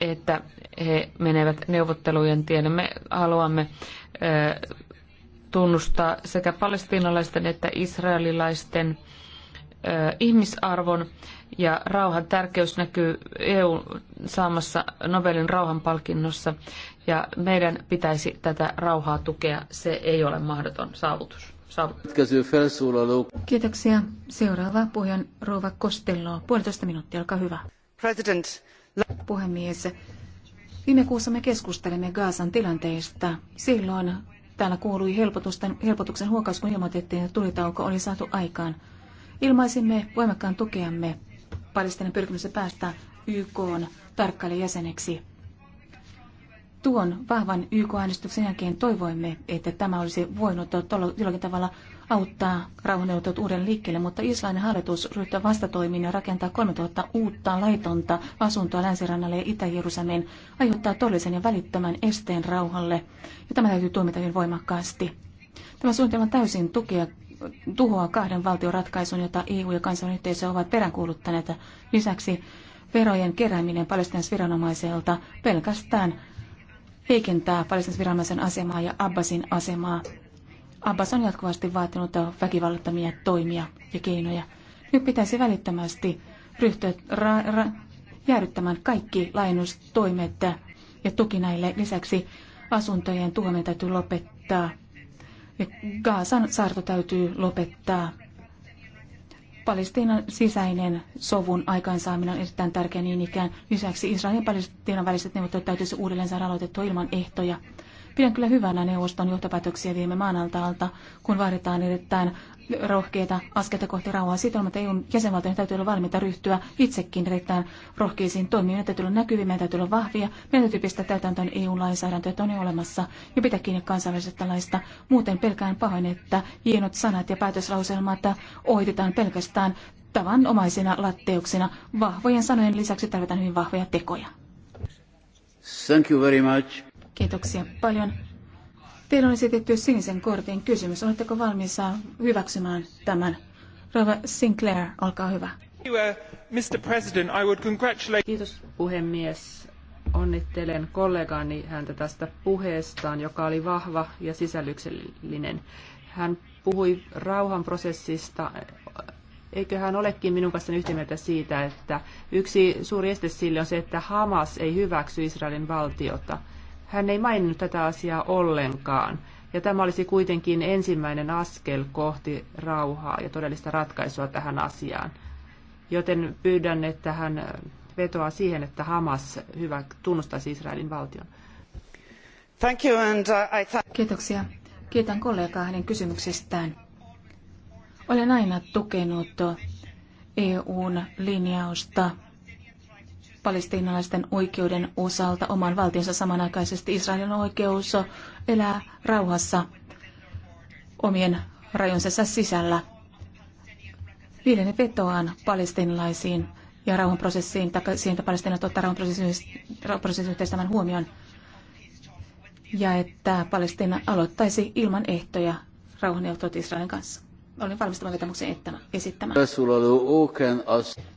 että he menevät neuvottelujen tielle. Me haluamme tunnustaa sekä palestiinalaisten että israelilaisten ihmisarvon ja rauhan tärkeys näkyy EU saamassa Nobelin rauhanpalkinnossa ja meidän pitäisi tätä rauhaa tukea. Se ei ole mahdoton saavutus. saavutus. Kiitoksia. Seuraava puhujan Rouva Kostello. Puolitoista minuuttia, olkaa hyvä. President. Puhemies, viime kuussa me keskustelimme Gaasan tilanteesta. Silloin täällä kuului helpotuksen huokaus, kun ilmoitettiin, että tulitauko oli saatu aikaan. Ilmaisimme voimakkaan tukeamme Palestinan pyrkimystä päästä YK jäseneksi. Tuon vahvan YK-äänestyksen jälkeen toivoimme, että tämä olisi voinut jollakin tavalla auttaa rauhanneuvottelut uuden liikkeelle, mutta Islannin hallitus ryhtyy vastatoimiin ja rakentaa 3000 uutta laitonta asuntoa länsirannalle ja itä jerusalemiin aiheuttaa todellisen ja välittömän esteen rauhalle, ja tämä täytyy tuomita hyvin voimakkaasti. Tämä suunnitelma täysin tukea tuhoaa kahden valtion ratkaisun, jota EU ja kansainvälinen yhteisö ovat peräänkuuluttaneet. Lisäksi verojen kerääminen palestinaisviranomaiselta pelkästään heikentää palestinaisviranomaisen asemaa ja Abbasin asemaa. Abbas on jatkuvasti vaatinut väkivallattomia toimia ja keinoja. Nyt pitäisi välittömästi ryhtyä ra- ra- jäädyttämään kaikki lainustoimet ja tuki näille. Lisäksi asuntojen tuhoaminen täytyy lopettaa Gaasan saarto täytyy lopettaa. Palestiinan sisäinen sovun aikaansaaminen on erittäin tärkeä niin ikään. Lisäksi Israelin ja Palestiinan väliset neuvottelut täytyisi uudelleen saada aloitettua ilman ehtoja. Pidän kyllä hyvänä neuvoston johtopäätöksiä viime maanantalta, kun vaaditaan erittäin rohkeita askelta kohti rauhaa. Siitä olematta EUn jäsenvaltioiden täytyy olla valmiita ryhtyä itsekin erittäin rohkeisiin toimiin. Meidän täytyy olla näkyviä, meidän täytyy olla vahvia, meidän täytyy pistää täytäntöön EUn-lainsäädäntöä, että on jo olemassa ja pitää kiinni kansainvälisestä laista. Muuten pelkään pahoin, että hienot sanat ja päätöslauselmat ohitetaan pelkästään tavanomaisina latteuksina. Vahvojen sanojen lisäksi tarvitaan hyvin vahvoja tekoja. Thank you very much. Kiitoksia paljon. Teillä on esitetty sinisen kortin kysymys. Oletteko valmis hyväksymään tämän? Rova Sinclair, olkaa hyvä. Uh, Kiitos puhemies. Onnittelen kollegaani häntä tästä puheestaan, joka oli vahva ja sisällyksellinen. Hän puhui rauhanprosessista. Eikö hän olekin minun kanssa yhtä mieltä siitä, että yksi suuri este sille on se, että Hamas ei hyväksy Israelin valtiota – hän ei maininnut tätä asiaa ollenkaan. Ja tämä olisi kuitenkin ensimmäinen askel kohti rauhaa ja todellista ratkaisua tähän asiaan. Joten pyydän, että hän vetoaa siihen, että Hamas hyvä tunnustaisi Israelin valtion. Thank you and uh, I thank... Kiitoksia. Kiitän kollegaa hänen kysymyksestään. Olen aina tukenut EUn linjausta palestiinalaisten oikeuden osalta oman valtionsa samanaikaisesti. Israelin oikeus elää rauhassa omien rajojensa sisällä. Viljeni vetoaan palestinalaisiin ja rauhanprosessiin, tai siihen, että palestiinat ottaa rauhanprosessin yhteistämän huomioon, ja että Palestiina aloittaisi ilman ehtoja rauhanneuvottelut Israelin kanssa. Olin valmistava vetämuksen esittämään.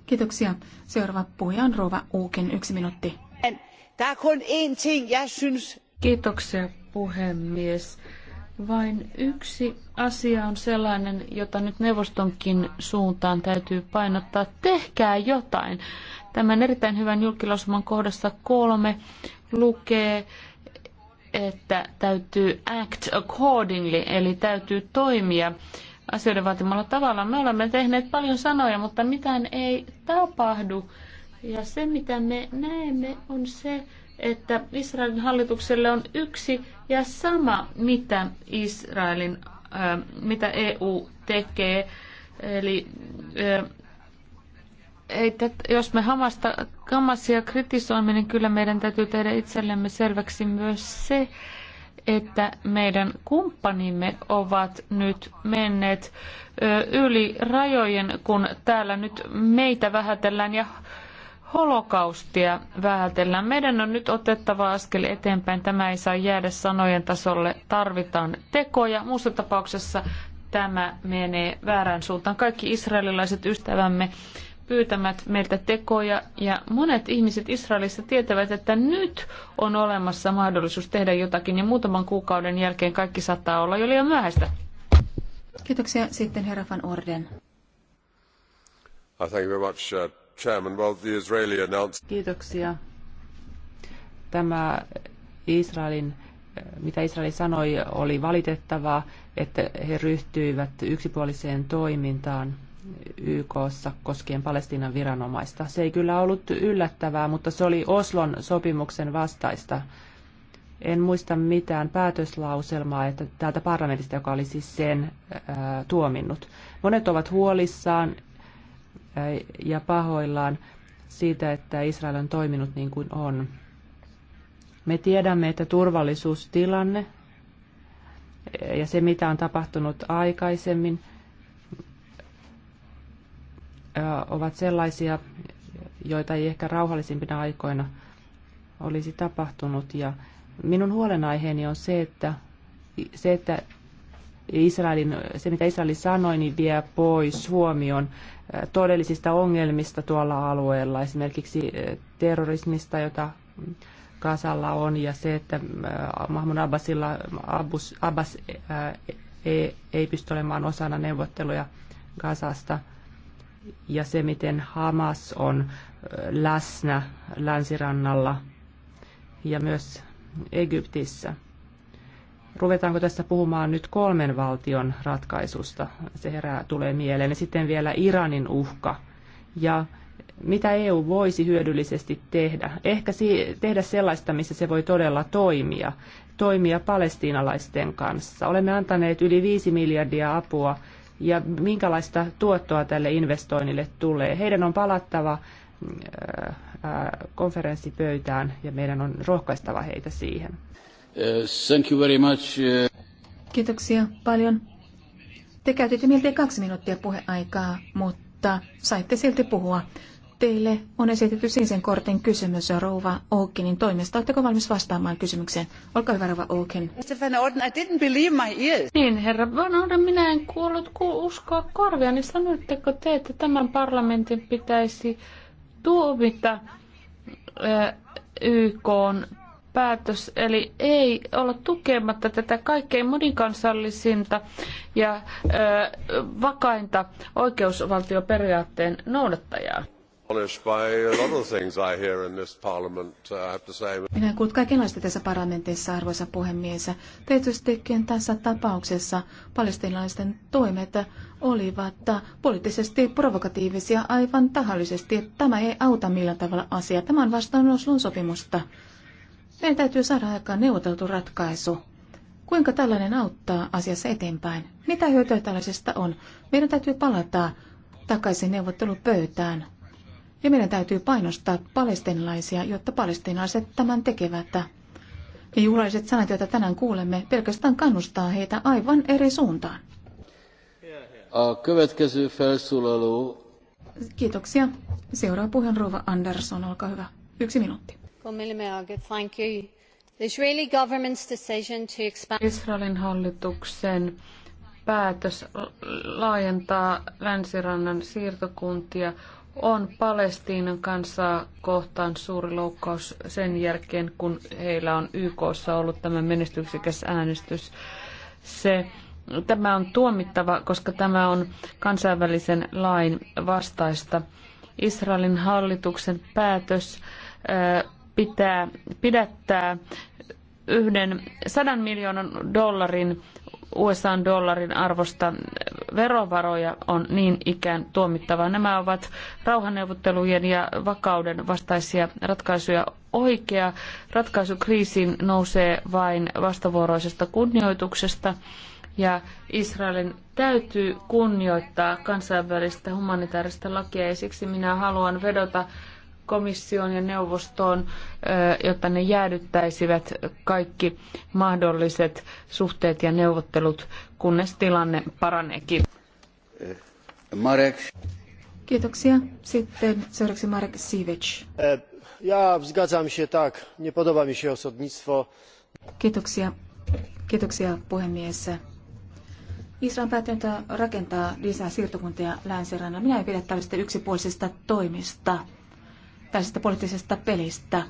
Kiitoksia. Seuraava puhuja on Rova Uuken. Yksi minuutti. Kiitoksia puhemies. Vain yksi asia on sellainen, jota nyt neuvostonkin suuntaan täytyy painottaa. Tehkää jotain. Tämän erittäin hyvän julkilausuman kohdassa kolme lukee, että täytyy act accordingly, eli täytyy toimia asioiden vaatimalla tavalla. Me olemme tehneet paljon sanoja, mutta mitään ei tapahdu. Ja se, mitä me näemme, on se, että Israelin hallitukselle on yksi ja sama, mitä Israelin, äh, mitä EU tekee. Eli äh, ei tät, jos me Hamasta, Hamasia kritisoimme, niin kyllä meidän täytyy tehdä itsellemme selväksi myös se, että meidän kumppanimme ovat nyt menneet yli rajojen, kun täällä nyt meitä vähätellään ja holokaustia vähätellään. Meidän on nyt otettava askel eteenpäin. Tämä ei saa jäädä sanojen tasolle. Tarvitaan tekoja. Muussa tapauksessa tämä menee väärään suuntaan. Kaikki israelilaiset ystävämme pyytämät meiltä tekoja ja monet ihmiset Israelissa tietävät, että nyt on olemassa mahdollisuus tehdä jotakin ja muutaman kuukauden jälkeen kaikki saattaa olla jo liian myöhäistä. Kiitoksia. Sitten herra Van Orden. Uh, uh, Kiitoksia. Tämä Israelin eh, mitä Israel sanoi, oli valitettavaa, että he ryhtyivät yksipuoliseen toimintaan YKssa koskien Palestiinan viranomaista. Se ei kyllä ollut yllättävää, mutta se oli Oslon sopimuksen vastaista. En muista mitään päätöslauselmaa että täältä parlamentista, joka oli siis sen ää, tuominnut. Monet ovat huolissaan ää, ja pahoillaan siitä, että Israel on toiminut niin kuin on. Me tiedämme, että turvallisuustilanne ja se, mitä on tapahtunut aikaisemmin, ovat sellaisia, joita ei ehkä rauhallisimpina aikoina olisi tapahtunut. Ja minun huolenaiheeni on se, että, se, että Israelin, se, mitä Israel sanoi, niin vie pois huomion todellisista ongelmista tuolla alueella, esimerkiksi terrorismista, jota Kasalla on, ja se, että Mahmoud Abbasilla, Abbas, Abbas ei, ei pysty olemaan osana neuvotteluja Kasasta – ja se, miten Hamas on läsnä länsirannalla ja myös Egyptissä. Ruvetaanko tässä puhumaan nyt kolmen valtion ratkaisusta? Se herää tulee mieleen. Ja sitten vielä Iranin uhka. Ja mitä EU voisi hyödyllisesti tehdä? Ehkä si- tehdä sellaista, missä se voi todella toimia. Toimia palestiinalaisten kanssa. Olemme antaneet yli 5 miljardia apua ja minkälaista tuottoa tälle investoinnille tulee. Heidän on palattava äh, äh, konferenssipöytään ja meidän on rohkaistava heitä siihen. Thank you very much. Uh, Kiitoksia paljon. Te käytitte miltei kaksi minuuttia puheaikaa, mutta saitte silti puhua. Teille on esitetty sinisen kortin kysymys Rouva Oukinin toimesta. Oletteko valmis vastaamaan kysymykseen? Olkaa hyvä, Rouva Oukin. Niin, herra Van Orden, minä en kuullut ku uskoa korvia, niin sanoitteko te, että tämän parlamentin pitäisi tuomita YK päätös, eli ei olla tukematta tätä kaikkein monikansallisinta ja ö, vakainta oikeusvaltioperiaatteen noudattajaa. Minä kuulut kaikenlaista tässä parlamentissa, arvoisa puhemies. Tietystikin tässä tapauksessa Palestiinalaisten toimet olivat poliittisesti provokatiivisia aivan tahallisesti. Tämä ei auta millään tavalla asiaa. Tämä on vastaan Oslon sopimusta. Meidän täytyy saada aikaan neuvoteltu ratkaisu. Kuinka tällainen auttaa asiassa eteenpäin? Mitä hyötyä tällaisesta on? Meidän täytyy palata takaisin neuvottelupöytään ja meidän täytyy painostaa palestinalaisia, jotta palestinaiset tämän tekevät. Ja juhlalliset sanat, joita tänään kuulemme, pelkästään kannustaa heitä aivan eri suuntaan. Kiitoksia. Seuraava puheen Rova Andersson, olkaa hyvä. Yksi minuutti. Thank you. Israelin hallituksen päätös laajentaa länsirannan siirtokuntia on Palestiinan kansaa kohtaan suuri loukkaus sen jälkeen, kun heillä on YKssa ollut tämä menestyksekäs äänestys. Se, tämä on tuomittava, koska tämä on kansainvälisen lain vastaista. Israelin hallituksen päätös äh, pitää pidättää yhden sadan miljoonan dollarin USAn dollarin arvosta verovaroja on niin ikään tuomittava. Nämä ovat rauhanneuvottelujen ja vakauden vastaisia ratkaisuja. Oikea ratkaisu kriisiin nousee vain vastavuoroisesta kunnioituksesta ja Israelin täytyy kunnioittaa kansainvälistä humanitaarista lakia ja siksi minä haluan vedota komissioon ja neuvostoon, jotta ne jäädyttäisivät kaikki mahdolliset suhteet ja neuvottelut, kunnes tilanne paraneekin. Marek. Kiitoksia. Sitten seuraavaksi Marek Sivic. Ja zgadzam się tak. Nie podoba mi się osadnictwo. Kiitoksia. Kiitoksia puhemies. Israel on päättänyt rakentaa lisää siirtokuntia länsirannalla. Minä en pidä tällaista yksipuolisesta toimista tällaisesta poliittisesta pelistä.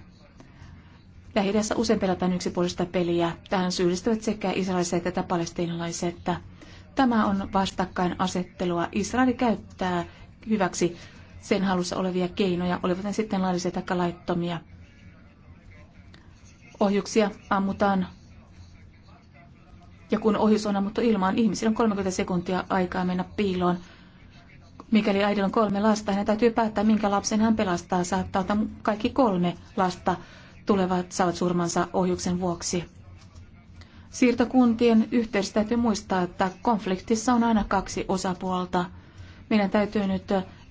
lähi usein pelataan yksipuolista peliä. Tähän syyllistyvät sekä israelilaiset että palestiinalaiset. Tämä on vastakkainasettelua. Israel käyttää hyväksi sen halussa olevia keinoja, olivat ne sitten laillisia tai laittomia. Ohjuksia ammutaan ja kun ohjus on ammuttu ilmaan, ihmisillä on 30 sekuntia aikaa mennä piiloon Mikäli äidillä on kolme lasta, hänen täytyy päättää, minkä lapsen hän pelastaa. Saattaa että kaikki kolme lasta tulevat saavat surmansa ohjuksen vuoksi. Siirtokuntien yhteydessä täytyy muistaa, että konfliktissa on aina kaksi osapuolta. Meidän täytyy nyt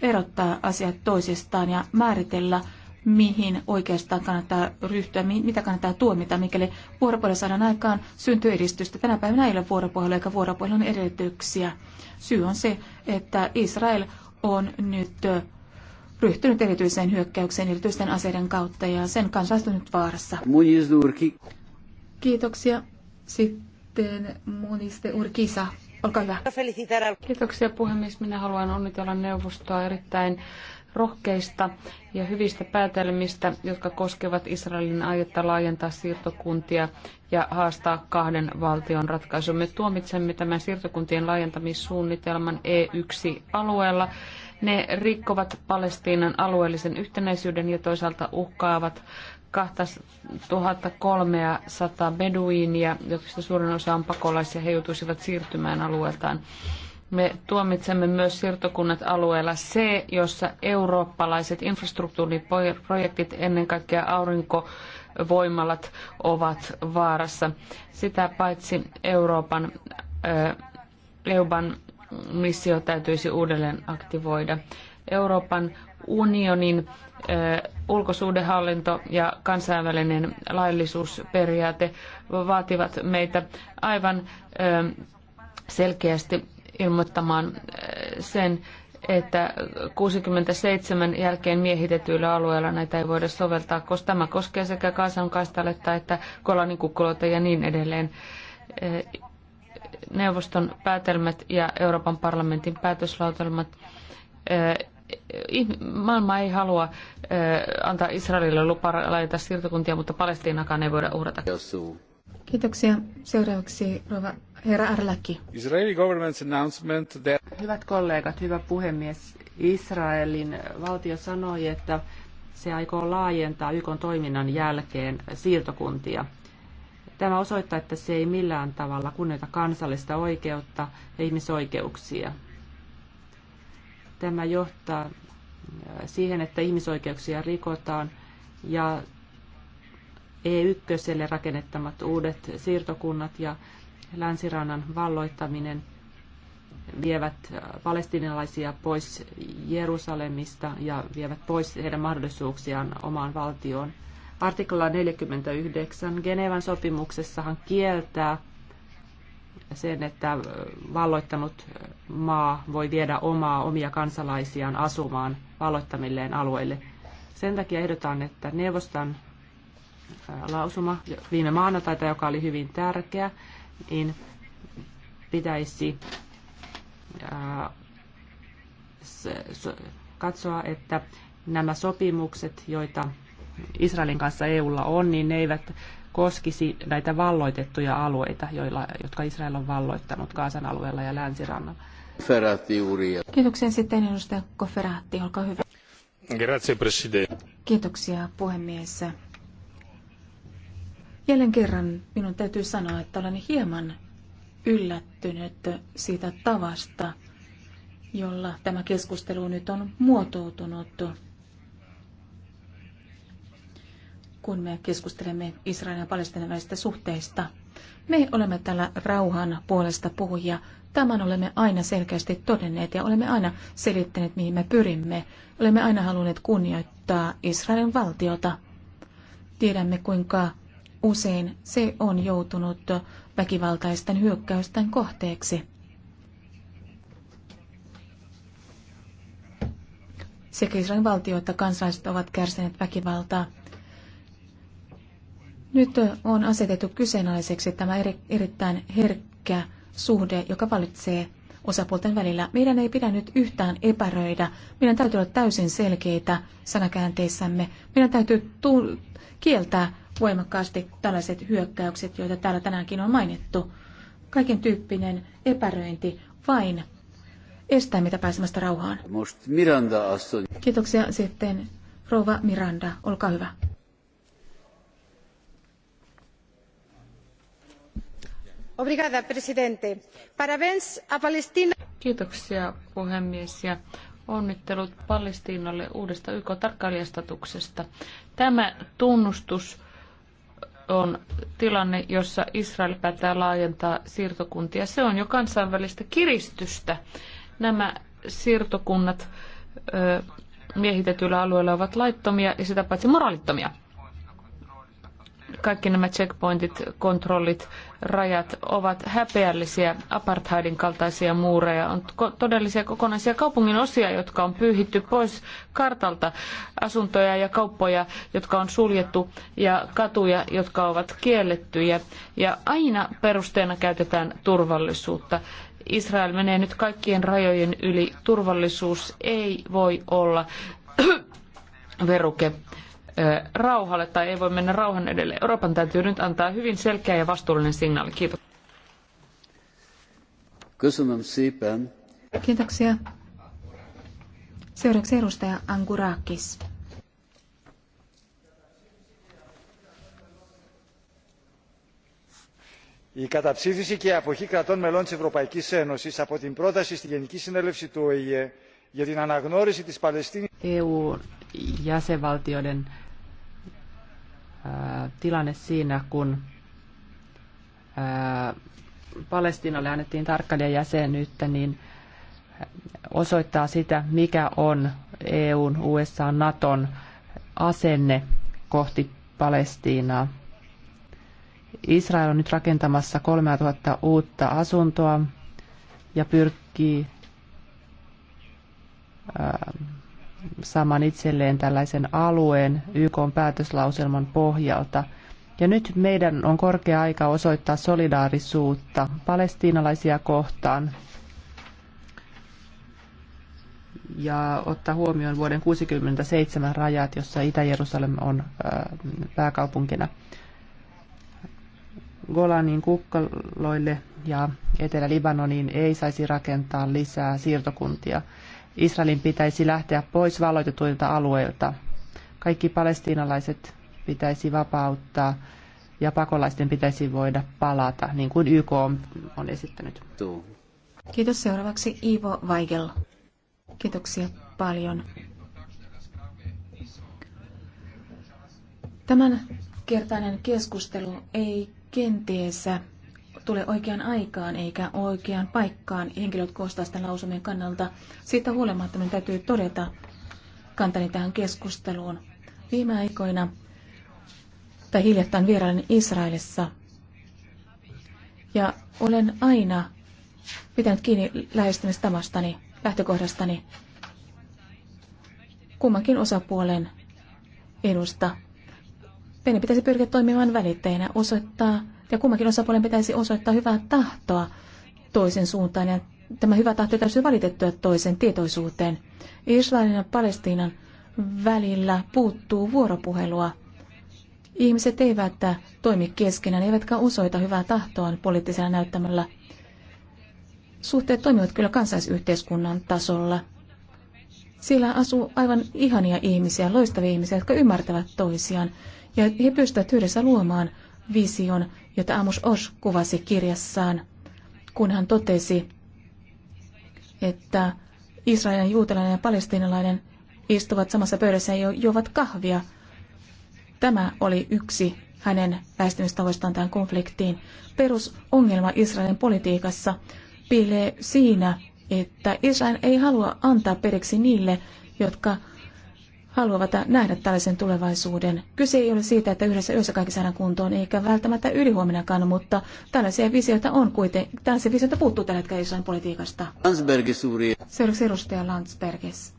erottaa asiat toisistaan ja määritellä mihin oikeastaan kannattaa ryhtyä, mitä kannattaa tuomita, mikäli vuoropuhelussa saadaan aikaan, syntyy edistystä. Tänä päivänä ei ole vuoropuhelu eikä vuoropuhelun edellytyksiä. Syy on se, että Israel on nyt ryhtynyt erityiseen hyökkäykseen erityisten aseiden kautta ja sen kansalaiset on nyt vaarassa. Kiitoksia. Sitten Muniste Urkisa. Olkaa hyvä. Kiitoksia puhemies. Minä haluan onnitella neuvostoa erittäin rohkeista ja hyvistä päätelmistä, jotka koskevat Israelin aietta laajentaa siirtokuntia ja haastaa kahden valtion ratkaisu. Me tuomitsemme tämän siirtokuntien laajentamissuunnitelman E1-alueella. Ne rikkovat Palestiinan alueellisen yhtenäisyyden ja toisaalta uhkaavat 2300 beduinia, joista suurin osa on pakolaisia, he joutuisivat siirtymään alueeltaan. Me tuomitsemme myös siirtokunnat alueella C, jossa eurooppalaiset infrastruktuuriprojektit, ennen kaikkea aurinkovoimalat, ovat vaarassa. Sitä paitsi Euroopan EUBAN missio täytyisi uudelleen aktivoida. Euroopan unionin ulkosuhdehallinto ja kansainvälinen laillisuusperiaate vaativat meitä aivan selkeästi ilmoittamaan äh, sen, että 67 jälkeen miehitetyillä alueilla näitä ei voida soveltaa, koska tämä koskee sekä kansankaistaletta että kolanikukkuloita ja niin edelleen. Äh, neuvoston päätelmät ja Euroopan parlamentin päätöslautelmat äh, maailma ei halua antaa Israelille lupa laittaa siirtokuntia, mutta Palestiinakaan ei voida uhrata. Kiitoksia. Seuraavaksi Rova Herra Arlaki. Israeli government's announcement that... Hyvät kollegat, hyvä puhemies. Israelin valtio sanoi, että se aikoo laajentaa YK toiminnan jälkeen siirtokuntia. Tämä osoittaa, että se ei millään tavalla kunnioita kansallista oikeutta ja ihmisoikeuksia. Tämä johtaa äh, siihen, että ihmisoikeuksia rikotaan ja E1 rakennettamat uudet siirtokunnat ja länsirannan valloittaminen vievät äh, palestinalaisia pois Jerusalemista ja vievät pois heidän mahdollisuuksiaan omaan valtioon. Artikla 49 Genevan sopimuksessahan kieltää sen, että äh, valloittanut äh, maa voi viedä omaa omia kansalaisiaan asumaan valloittamilleen alueille. Sen takia ehdotan, että neuvoston lausuma viime maanantaita, joka oli hyvin tärkeä, niin pitäisi katsoa, että nämä sopimukset, joita Israelin kanssa EUlla on, niin ne eivät koskisi näitä valloitettuja alueita, joilla, jotka Israel on valloittanut Kaasan alueella ja länsirannalla. Kiitoksia sitten edustaja Koferaatti, olkaa hyvä. Grazie, Presidente. Kiitoksia puhemies. Jälleen kerran minun täytyy sanoa, että olen hieman yllättynyt siitä tavasta, jolla tämä keskustelu nyt on muotoutunut. Kun me keskustelemme Israelin ja Palestinan välistä suhteista, me olemme täällä rauhan puolesta puhujia. Tämän olemme aina selkeästi todenneet ja olemme aina selittäneet, mihin me pyrimme. Olemme aina halunneet kunnioittaa Israelin valtiota. Tiedämme, kuinka usein se on joutunut väkivaltaisten hyökkäysten kohteeksi. Sekä Israelin valtio että kansalaiset ovat kärsineet väkivaltaa. Nyt on asetettu kyseenalaiseksi tämä eri, erittäin herkkä suhde, joka valitsee osapuolten välillä. Meidän ei pidä nyt yhtään epäröidä. Meidän täytyy olla täysin selkeitä sanakäänteissämme. Meidän täytyy kieltää voimakkaasti tällaiset hyökkäykset, joita täällä tänäänkin on mainittu. Kaiken tyyppinen epäröinti vain estää mitä pääsemästä rauhaan. Miranda Kiitoksia sitten rouva Miranda, olkaa hyvä. Obrigada, presidente. Parabéns a Palestina. Kiitoksia puhemies ja onnittelut Palestiinalle uudesta YK-tarkkailijastatuksesta. Tämä tunnustus on tilanne, jossa Israel päättää laajentaa siirtokuntia. Se on jo kansainvälistä kiristystä. Nämä siirtokunnat ö, miehitetyillä alueilla ovat laittomia ja sitä paitsi moraalittomia kaikki nämä checkpointit, kontrollit, rajat ovat häpeällisiä apartheidin kaltaisia muureja. On todellisia kokonaisia kaupungin osia, jotka on pyyhitty pois kartalta. Asuntoja ja kauppoja, jotka on suljettu ja katuja, jotka ovat kiellettyjä. Ja aina perusteena käytetään turvallisuutta. Israel menee nyt kaikkien rajojen yli. Turvallisuus ei voi olla *coughs* veruke rauhalle tai ei voi mennä rauhan edelle. Euroopan täytyy nyt antaa hyvin selkeä ja vastuullinen signaali. Kiitos. Kiitoksia. Seuraavaksi edustaja Angurakis. η καταψήφιση και η αποχή κρατών μελών της ευρωπαϊκής ένωσης από την πρόταση στη γενική συνέλευση του οηε για την αναγνώριση της παλαιστίνης tilanne siinä, kun Palestinalle annettiin jäsenyyttä, niin osoittaa sitä, mikä on EUn, USA, Naton asenne kohti Palestiinaa. Israel on nyt rakentamassa 3000 uutta asuntoa ja pyrkii saamaan itselleen tällaisen alueen YK päätöslauselman pohjalta. Ja nyt meidän on korkea aika osoittaa solidaarisuutta palestiinalaisia kohtaan ja ottaa huomioon vuoden 1967 rajat, jossa Itä-Jerusalem on pääkaupunkina. Golanin kukkaloille ja Etelä-Libanoniin ei saisi rakentaa lisää siirtokuntia. Israelin pitäisi lähteä pois valloitetuilta alueilta. Kaikki palestiinalaiset pitäisi vapauttaa ja pakolaisten pitäisi voida palata, niin kuin YK on, on esittänyt. Kiitos seuraavaksi Ivo Weigel. Kiitoksia paljon. Tämän kertainen keskustelu ei kenties tule oikeaan aikaan eikä oikeaan paikkaan henkilöt sitä lausumien kannalta. Siitä huolimatta minun täytyy todeta kantani tähän keskusteluun. Viime aikoina tai hiljattain vierailin Israelissa ja olen aina pitänyt kiinni lähestymistamastani, lähtökohdastani kummankin osapuolen edusta. Meidän pitäisi pyrkiä toimimaan välittäjänä, osoittaa ja kummankin osapuolen pitäisi osoittaa hyvää tahtoa toisen suuntaan ja tämä hyvä tahto täytyy valitettua toisen tietoisuuteen. Israelin ja Palestiinan välillä puuttuu vuoropuhelua. Ihmiset eivät toimi keskenään, eivätkä osoita hyvää tahtoaan poliittisella näyttämällä. Suhteet toimivat kyllä kansaisyhteiskunnan tasolla. Siellä asuu aivan ihania ihmisiä, loistavia ihmisiä, jotka ymmärtävät toisiaan, ja he pystyvät yhdessä luomaan vision, jota Amos Osh kuvasi kirjassaan, kun hän totesi, että Israelin juutalainen ja palestinalainen istuvat samassa pöydässä ja juovat kahvia. Tämä oli yksi hänen lähestymistavoistaan tähän konfliktiin. Perusongelma Israelin politiikassa piilee siinä, että Israel ei halua antaa periksi niille, jotka haluavat nähdä tällaisen tulevaisuuden. Kyse ei ole siitä, että yhdessä yössä kaikki saadaan kuntoon, eikä välttämättä ylihuomenakaan, mutta tällaisia visioita on kuitenkin, tällaisia visioita puuttuu tällä hetkellä jossain politiikasta. Landsbergis suuri. Seuraavaksi edustaja Landsbergis.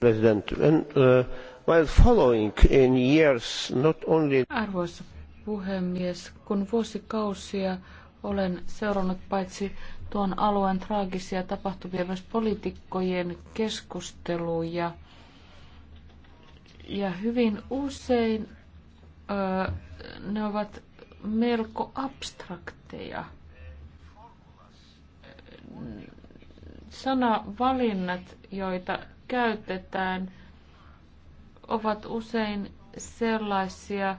President, and, uh, while following in years not only... Arvoisa puhemies, kun vuosikausia olen seurannut paitsi tuon alueen traagisia tapahtumia myös poliitikkojen keskusteluja. Ja hyvin usein ö, ne ovat melko abstrakteja. Sanavalinnat, joita käytetään, ovat usein sellaisia,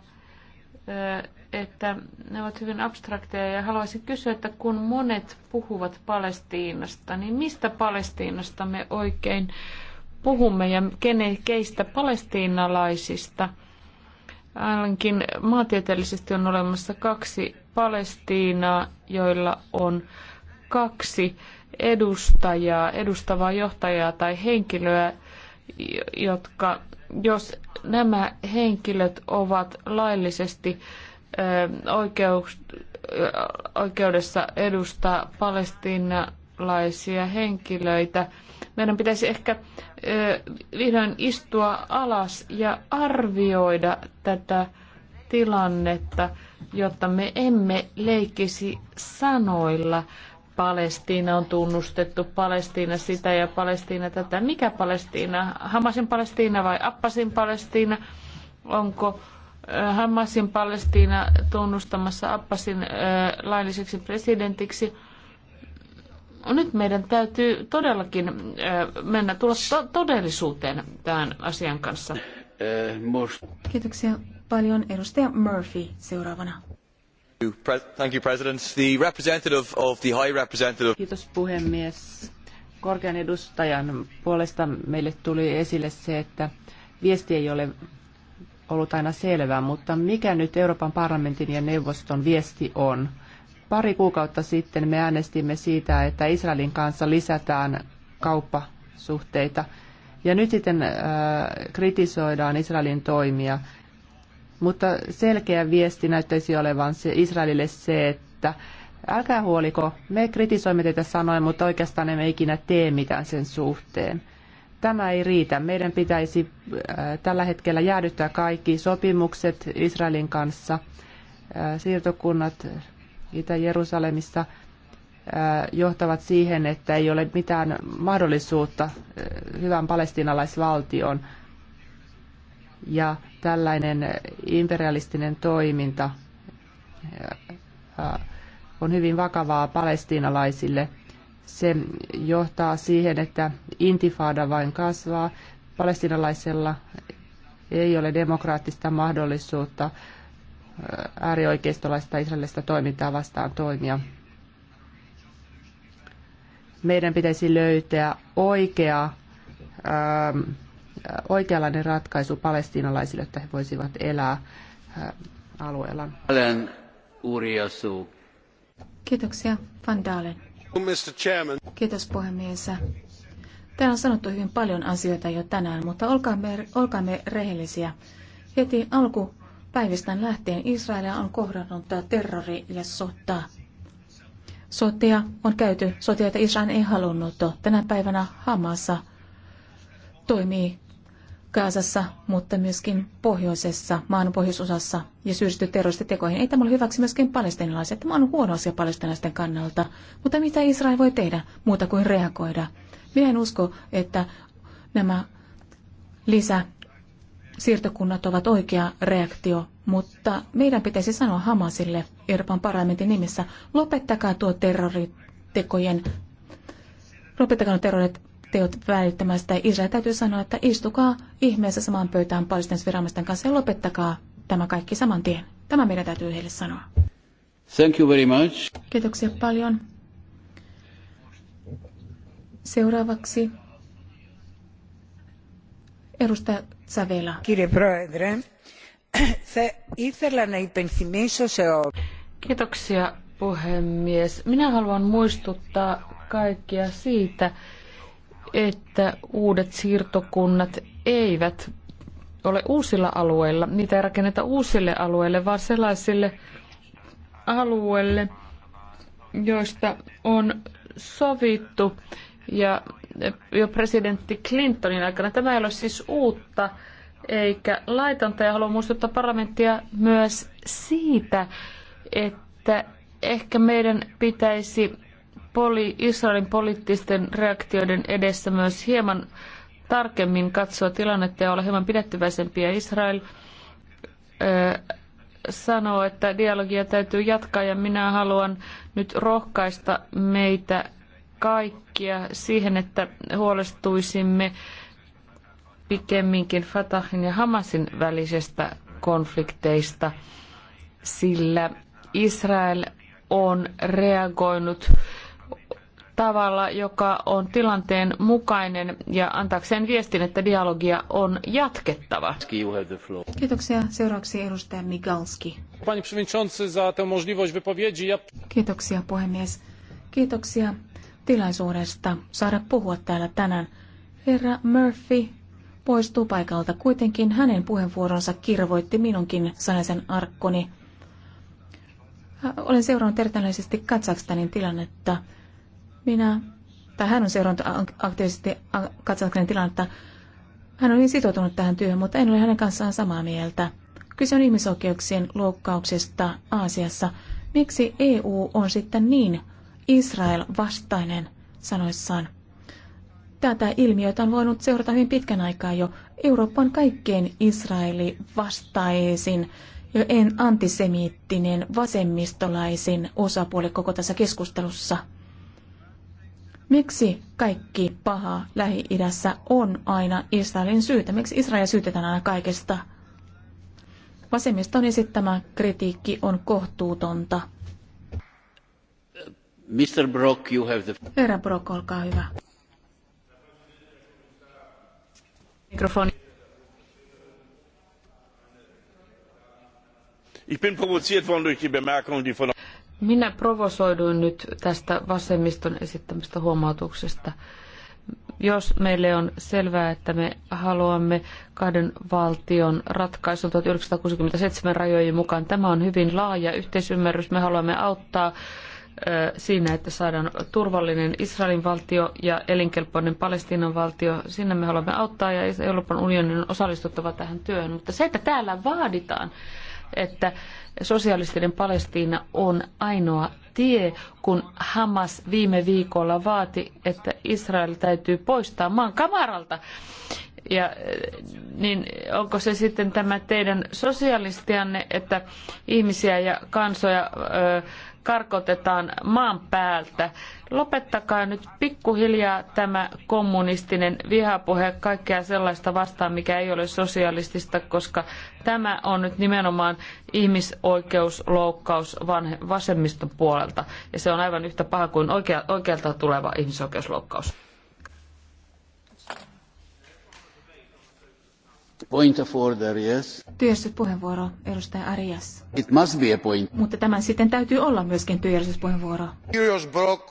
ö, että ne ovat hyvin abstrakteja ja haluaisin kysyä, että kun monet puhuvat Palestiinasta, niin mistä Palestiinasta me oikein puhumme ja kene, keistä palestiinalaisista? Ainakin maantieteellisesti on olemassa kaksi Palestiinaa, joilla on kaksi edustajaa, edustavaa johtajaa tai henkilöä, jotka, jos nämä henkilöt ovat laillisesti oikeus, oikeudessa edustaa palestiinalaisia henkilöitä. Meidän pitäisi ehkä vihdoin istua alas ja arvioida tätä tilannetta, jotta me emme leikkisi sanoilla. Palestiina on tunnustettu, Palestiina sitä ja Palestiina tätä. Mikä Palestiina? Hamasin Palestiina vai Appasin Palestiina? Onko Hamasin Palestiina tunnustamassa Abbasin lailliseksi presidentiksi. Nyt meidän täytyy todellakin mennä tulla todellisuuteen tämän asian kanssa. Kiitoksia paljon. Edustaja Murphy seuraavana. Thank you, President. The representative of the High Representative. Kiitos puhemies. Korkean edustajan puolesta meille tuli esille se, että viesti ei ole ollut aina selvää, mutta mikä nyt Euroopan parlamentin ja neuvoston viesti on? Pari kuukautta sitten me äänestimme siitä, että Israelin kanssa lisätään kauppasuhteita. Ja nyt sitten äh, kritisoidaan Israelin toimia. Mutta selkeä viesti näyttäisi olevan se, Israelille se, että älkää huoliko, me kritisoimme teitä sanoja, mutta oikeastaan emme ikinä tee mitään sen suhteen tämä ei riitä. Meidän pitäisi äh, tällä hetkellä jäädyttää kaikki sopimukset Israelin kanssa, äh, siirtokunnat Itä-Jerusalemissa äh, johtavat siihen, että ei ole mitään mahdollisuutta hyvän palestiinalaisvaltion. Ja tällainen imperialistinen toiminta on hyvin vakavaa palestiinalaisille – se johtaa siihen, että intifada vain kasvaa. Palestinalaisella ei ole demokraattista mahdollisuutta äärioikeistolaista israelista toimintaa vastaan toimia. Meidän pitäisi löytää oikea, ää, oikeanlainen ratkaisu palestinalaisille, että he voisivat elää ää, alueella. Kiitoksia. Van Dalen. Kiitos puhemies. Täällä on sanottu hyvin paljon asioita jo tänään, mutta olkaamme, olkaamme rehellisiä. Heti alkupäivistään lähtien Israelia on kohdannut terrori ja sota. Sotia on käyty, sotia, joita Israel ei halunnut. Tänä päivänä Hamassa toimii Kaasassa, mutta myöskin pohjoisessa, maan pohjoisosassa ja syyllisty terroristitekoihin. Ei tämä ole hyväksi myöskin palestinalaiset. Tämä on huono asia palestinaisten kannalta. Mutta mitä Israel voi tehdä muuta kuin reagoida? Minä en usko, että nämä lisä siirtokunnat ovat oikea reaktio, mutta meidän pitäisi sanoa Hamasille Euroopan parlamentin nimissä, lopettakaa tuo terroritekojen Lopettakaa terrorit teot välittämästä. Israel täytyy sanoa, että istukaa ihmeessä samaan pöytään palestinaisviranomaisten kanssa ja lopettakaa tämä kaikki saman tien. Tämä meidän täytyy heille sanoa. Thank you very much. Kiitoksia paljon. Seuraavaksi edustaja Savela. Kiitoksia puhemies. Minä haluan muistuttaa kaikkia siitä, että uudet siirtokunnat eivät ole uusilla alueilla. Niitä ei rakenneta uusille alueille, vaan sellaisille alueille, joista on sovittu. Ja jo presidentti Clintonin aikana tämä ei ole siis uutta eikä laitonta. Ja haluan muistuttaa parlamenttia myös siitä, että ehkä meidän pitäisi poli, Israelin poliittisten reaktioiden edessä myös hieman tarkemmin katsoa tilannetta ja olla hieman pidättyväisempiä. Israel ö, sanoo, että dialogia täytyy jatkaa ja minä haluan nyt rohkaista meitä kaikkia siihen, että huolestuisimme pikemminkin Fatahin ja Hamasin välisestä konflikteista, sillä Israel on reagoinut tavalla, joka on tilanteen mukainen ja antaakseen viestin, että dialogia on jatkettava. Kiitoksia. Seuraavaksi edustaja Migalski. Kiitoksia puhemies. Kiitoksia tilaisuudesta saada puhua täällä tänään. Herra Murphy poistuu paikalta. Kuitenkin hänen puheenvuoronsa kirvoitti minunkin sanaisen arkkoni. Olen seurannut erityisesti Kazakstanin tilannetta. Minä, tai hän on seurannut aktiivisesti Kazakstan tilannetta. Hän on niin sitoutunut tähän työhön, mutta en ole hänen kanssaan samaa mieltä. Kyse on ihmisoikeuksien loukkauksesta Aasiassa. Miksi EU on sitten niin Israel-vastainen sanoissaan? Tätä ilmiötä on voinut seurata hyvin pitkän aikaa jo. Eurooppa on kaikkein Israeli vastaisin ja en antisemiittinen vasemmistolaisin osapuoli koko tässä keskustelussa. Miksi kaikki paha Lähi-idässä on aina Israelin syytä? Miksi Israelia syytetään aina kaikesta? Vasemmiston esittämä kritiikki on kohtuutonta. Mr. Brock, you have the... Herra Brock, olkaa hyvä. Mikrofoni. Ich bin provoziert worden durch die Bemerkung, die von minä provosoiduin nyt tästä vasemmiston esittämästä huomautuksesta. Jos meille on selvää, että me haluamme kahden valtion ratkaisun 1967 rajojen mukaan, tämä on hyvin laaja yhteisymmärrys. Me haluamme auttaa siinä, että saadaan turvallinen Israelin valtio ja elinkelpoinen Palestiinan valtio. Sinne me haluamme auttaa ja Euroopan unionin on osallistuttava tähän työhön. Mutta se, että täällä vaaditaan että sosialistinen Palestiina on ainoa tie, kun Hamas viime viikolla vaati, että Israel täytyy poistaa maan kamaralta. Ja, niin onko se sitten tämä teidän sosialistianne, että ihmisiä ja kansoja... Ö, karkotetaan maan päältä. Lopettakaa nyt pikkuhiljaa tämä kommunistinen vihapuhe kaikkea sellaista vastaan, mikä ei ole sosialistista, koska tämä on nyt nimenomaan ihmisoikeusloukkaus vasemmiston puolelta. Ja se on aivan yhtä paha kuin oikealta tuleva ihmisoikeusloukkaus. Point of order, yes. Työjärjestyspuheenvuoro, edustaja Arias. It must be a point. Mutta tämän sitten täytyy olla myöskin työjärjestyspuheenvuoro. Κύριος Μπροκ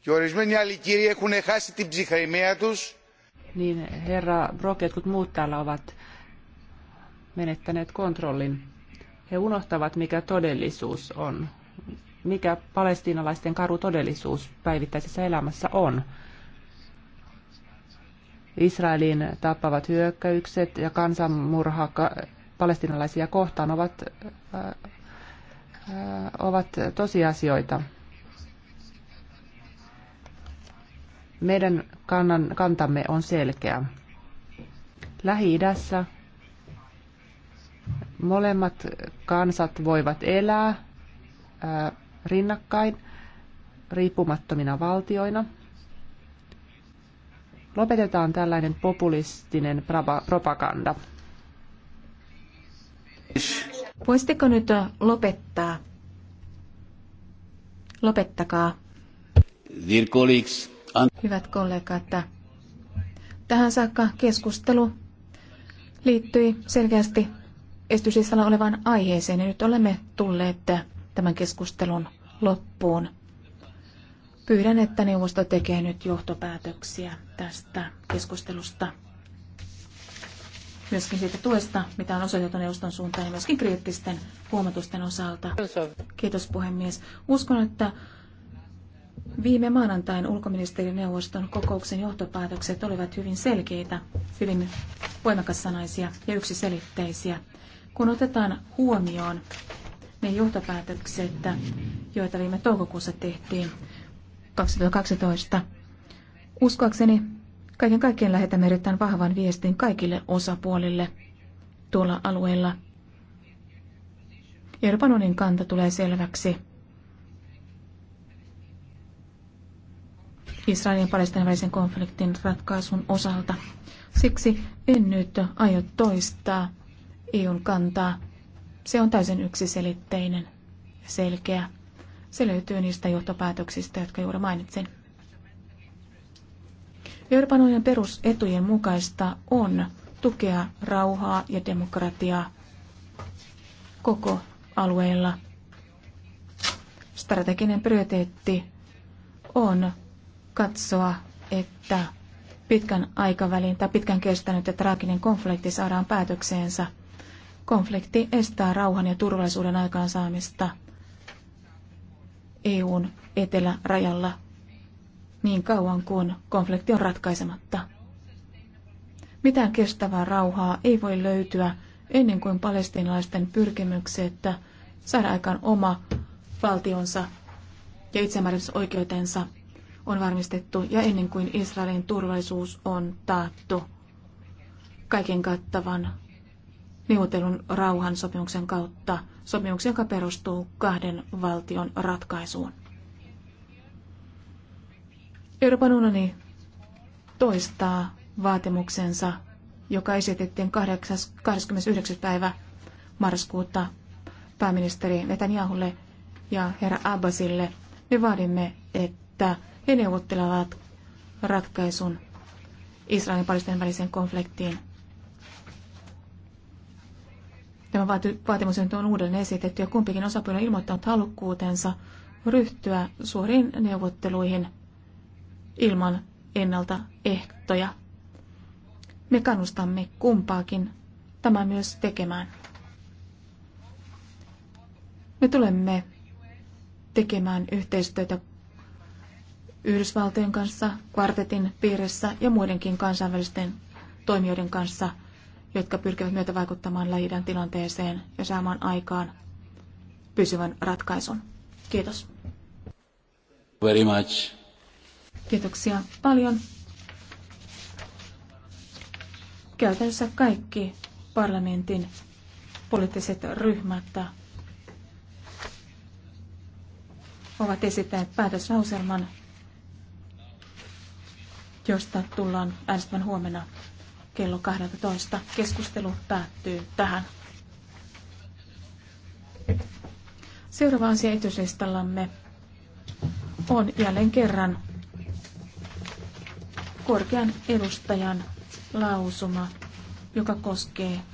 και ορισμένοι άλλοι κύριοι έχουν χάσει την ψυχραιμία τους. Niin, herra Brock, jotkut muut täällä ovat menettäneet kontrollin. He unohtavat, mikä todellisuus on. Mikä palestiinalaisten karu todellisuus päivittäisessä elämässä on. Israelin tappavat hyökkäykset ja kansanmurha palestinalaisia kohtaan ovat, äh, äh, ovat tosiasioita. Meidän kannan, kantamme on selkeä. Lähi-idässä molemmat kansat voivat elää äh, rinnakkain riippumattomina valtioina – Lopetetaan tällainen populistinen propaganda. Voisitteko nyt lopettaa? Lopettakaa. Hyvät kollegat, tähän saakka keskustelu liittyi selkeästi esityslistalla olevaan aiheeseen ja nyt olemme tulleet tämän keskustelun loppuun. Pyydän, että neuvosto tekee nyt johtopäätöksiä tästä keskustelusta. Myöskin siitä tuesta, mitä on osoitettu neuvoston suuntaan ja myöskin kriittisten huomatusten osalta. Kiitos puhemies. Uskon, että Viime maanantain ulkoministerineuvoston kokouksen johtopäätökset olivat hyvin selkeitä, hyvin voimakassanaisia ja yksiselitteisiä. Kun otetaan huomioon ne johtopäätökset, joita viime toukokuussa tehtiin, 2012. Uskoakseni kaiken kaikkien lähetämme erittäin vahvan viestin kaikille osapuolille tuolla alueella. Euroopan unionin kanta tulee selväksi. Israelin ja Palestinan välisen konfliktin ratkaisun osalta. Siksi en nyt aio toistaa EUn kantaa. Se on täysin yksiselitteinen, selkeä. Se löytyy niistä johtopäätöksistä, jotka juuri mainitsin. Euroopan unionin perusetujen mukaista on tukea rauhaa ja demokratiaa koko alueella. Strateginen prioriteetti on katsoa, että pitkän aikavälin tai pitkän kestänyt ja traaginen konflikti saadaan päätökseensä. Konflikti estää rauhan ja turvallisuuden aikaansaamista – EUn etelärajalla niin kauan kuin konflikti on ratkaisematta. Mitään kestävää rauhaa ei voi löytyä ennen kuin palestiinalaisten pyrkimykset saada aikaan oma valtionsa ja itsemääräämisoikeutensa on varmistettu ja ennen kuin Israelin turvallisuus on taattu kaiken kattavan rauhan rauhansopimuksen kautta, sopimuksen, joka perustuu kahden valtion ratkaisuun. Euroopan unioni toistaa vaatimuksensa, joka esitettiin 8, 29. päivä marraskuuta pääministeri Netanyahulle ja herra Abbasille. Me vaadimme, että he neuvottelevat ratkaisun Israelin ja Palestinan väliseen konfliktiin. Tämä vaatimus on uudelleen esitetty ja kumpikin osapuoli on ilmoittanut halukkuutensa ryhtyä suoriin neuvotteluihin ilman ennalta ehtoja. Me kannustamme kumpaakin tämä myös tekemään. Me tulemme tekemään yhteistyötä Yhdysvaltojen kanssa, kvartetin piirissä ja muidenkin kansainvälisten toimijoiden kanssa – jotka pyrkivät myötä vaikuttamaan lähi tilanteeseen ja saamaan aikaan pysyvän ratkaisun. Kiitos. Very much. Kiitoksia paljon. Käytännössä kaikki parlamentin poliittiset ryhmät ovat esittäneet päätöslauselman, josta tullaan äänestämään huomenna kello 12. Keskustelu päättyy tähän. Seuraava asia etyslistallamme on jälleen kerran korkean edustajan lausuma, joka koskee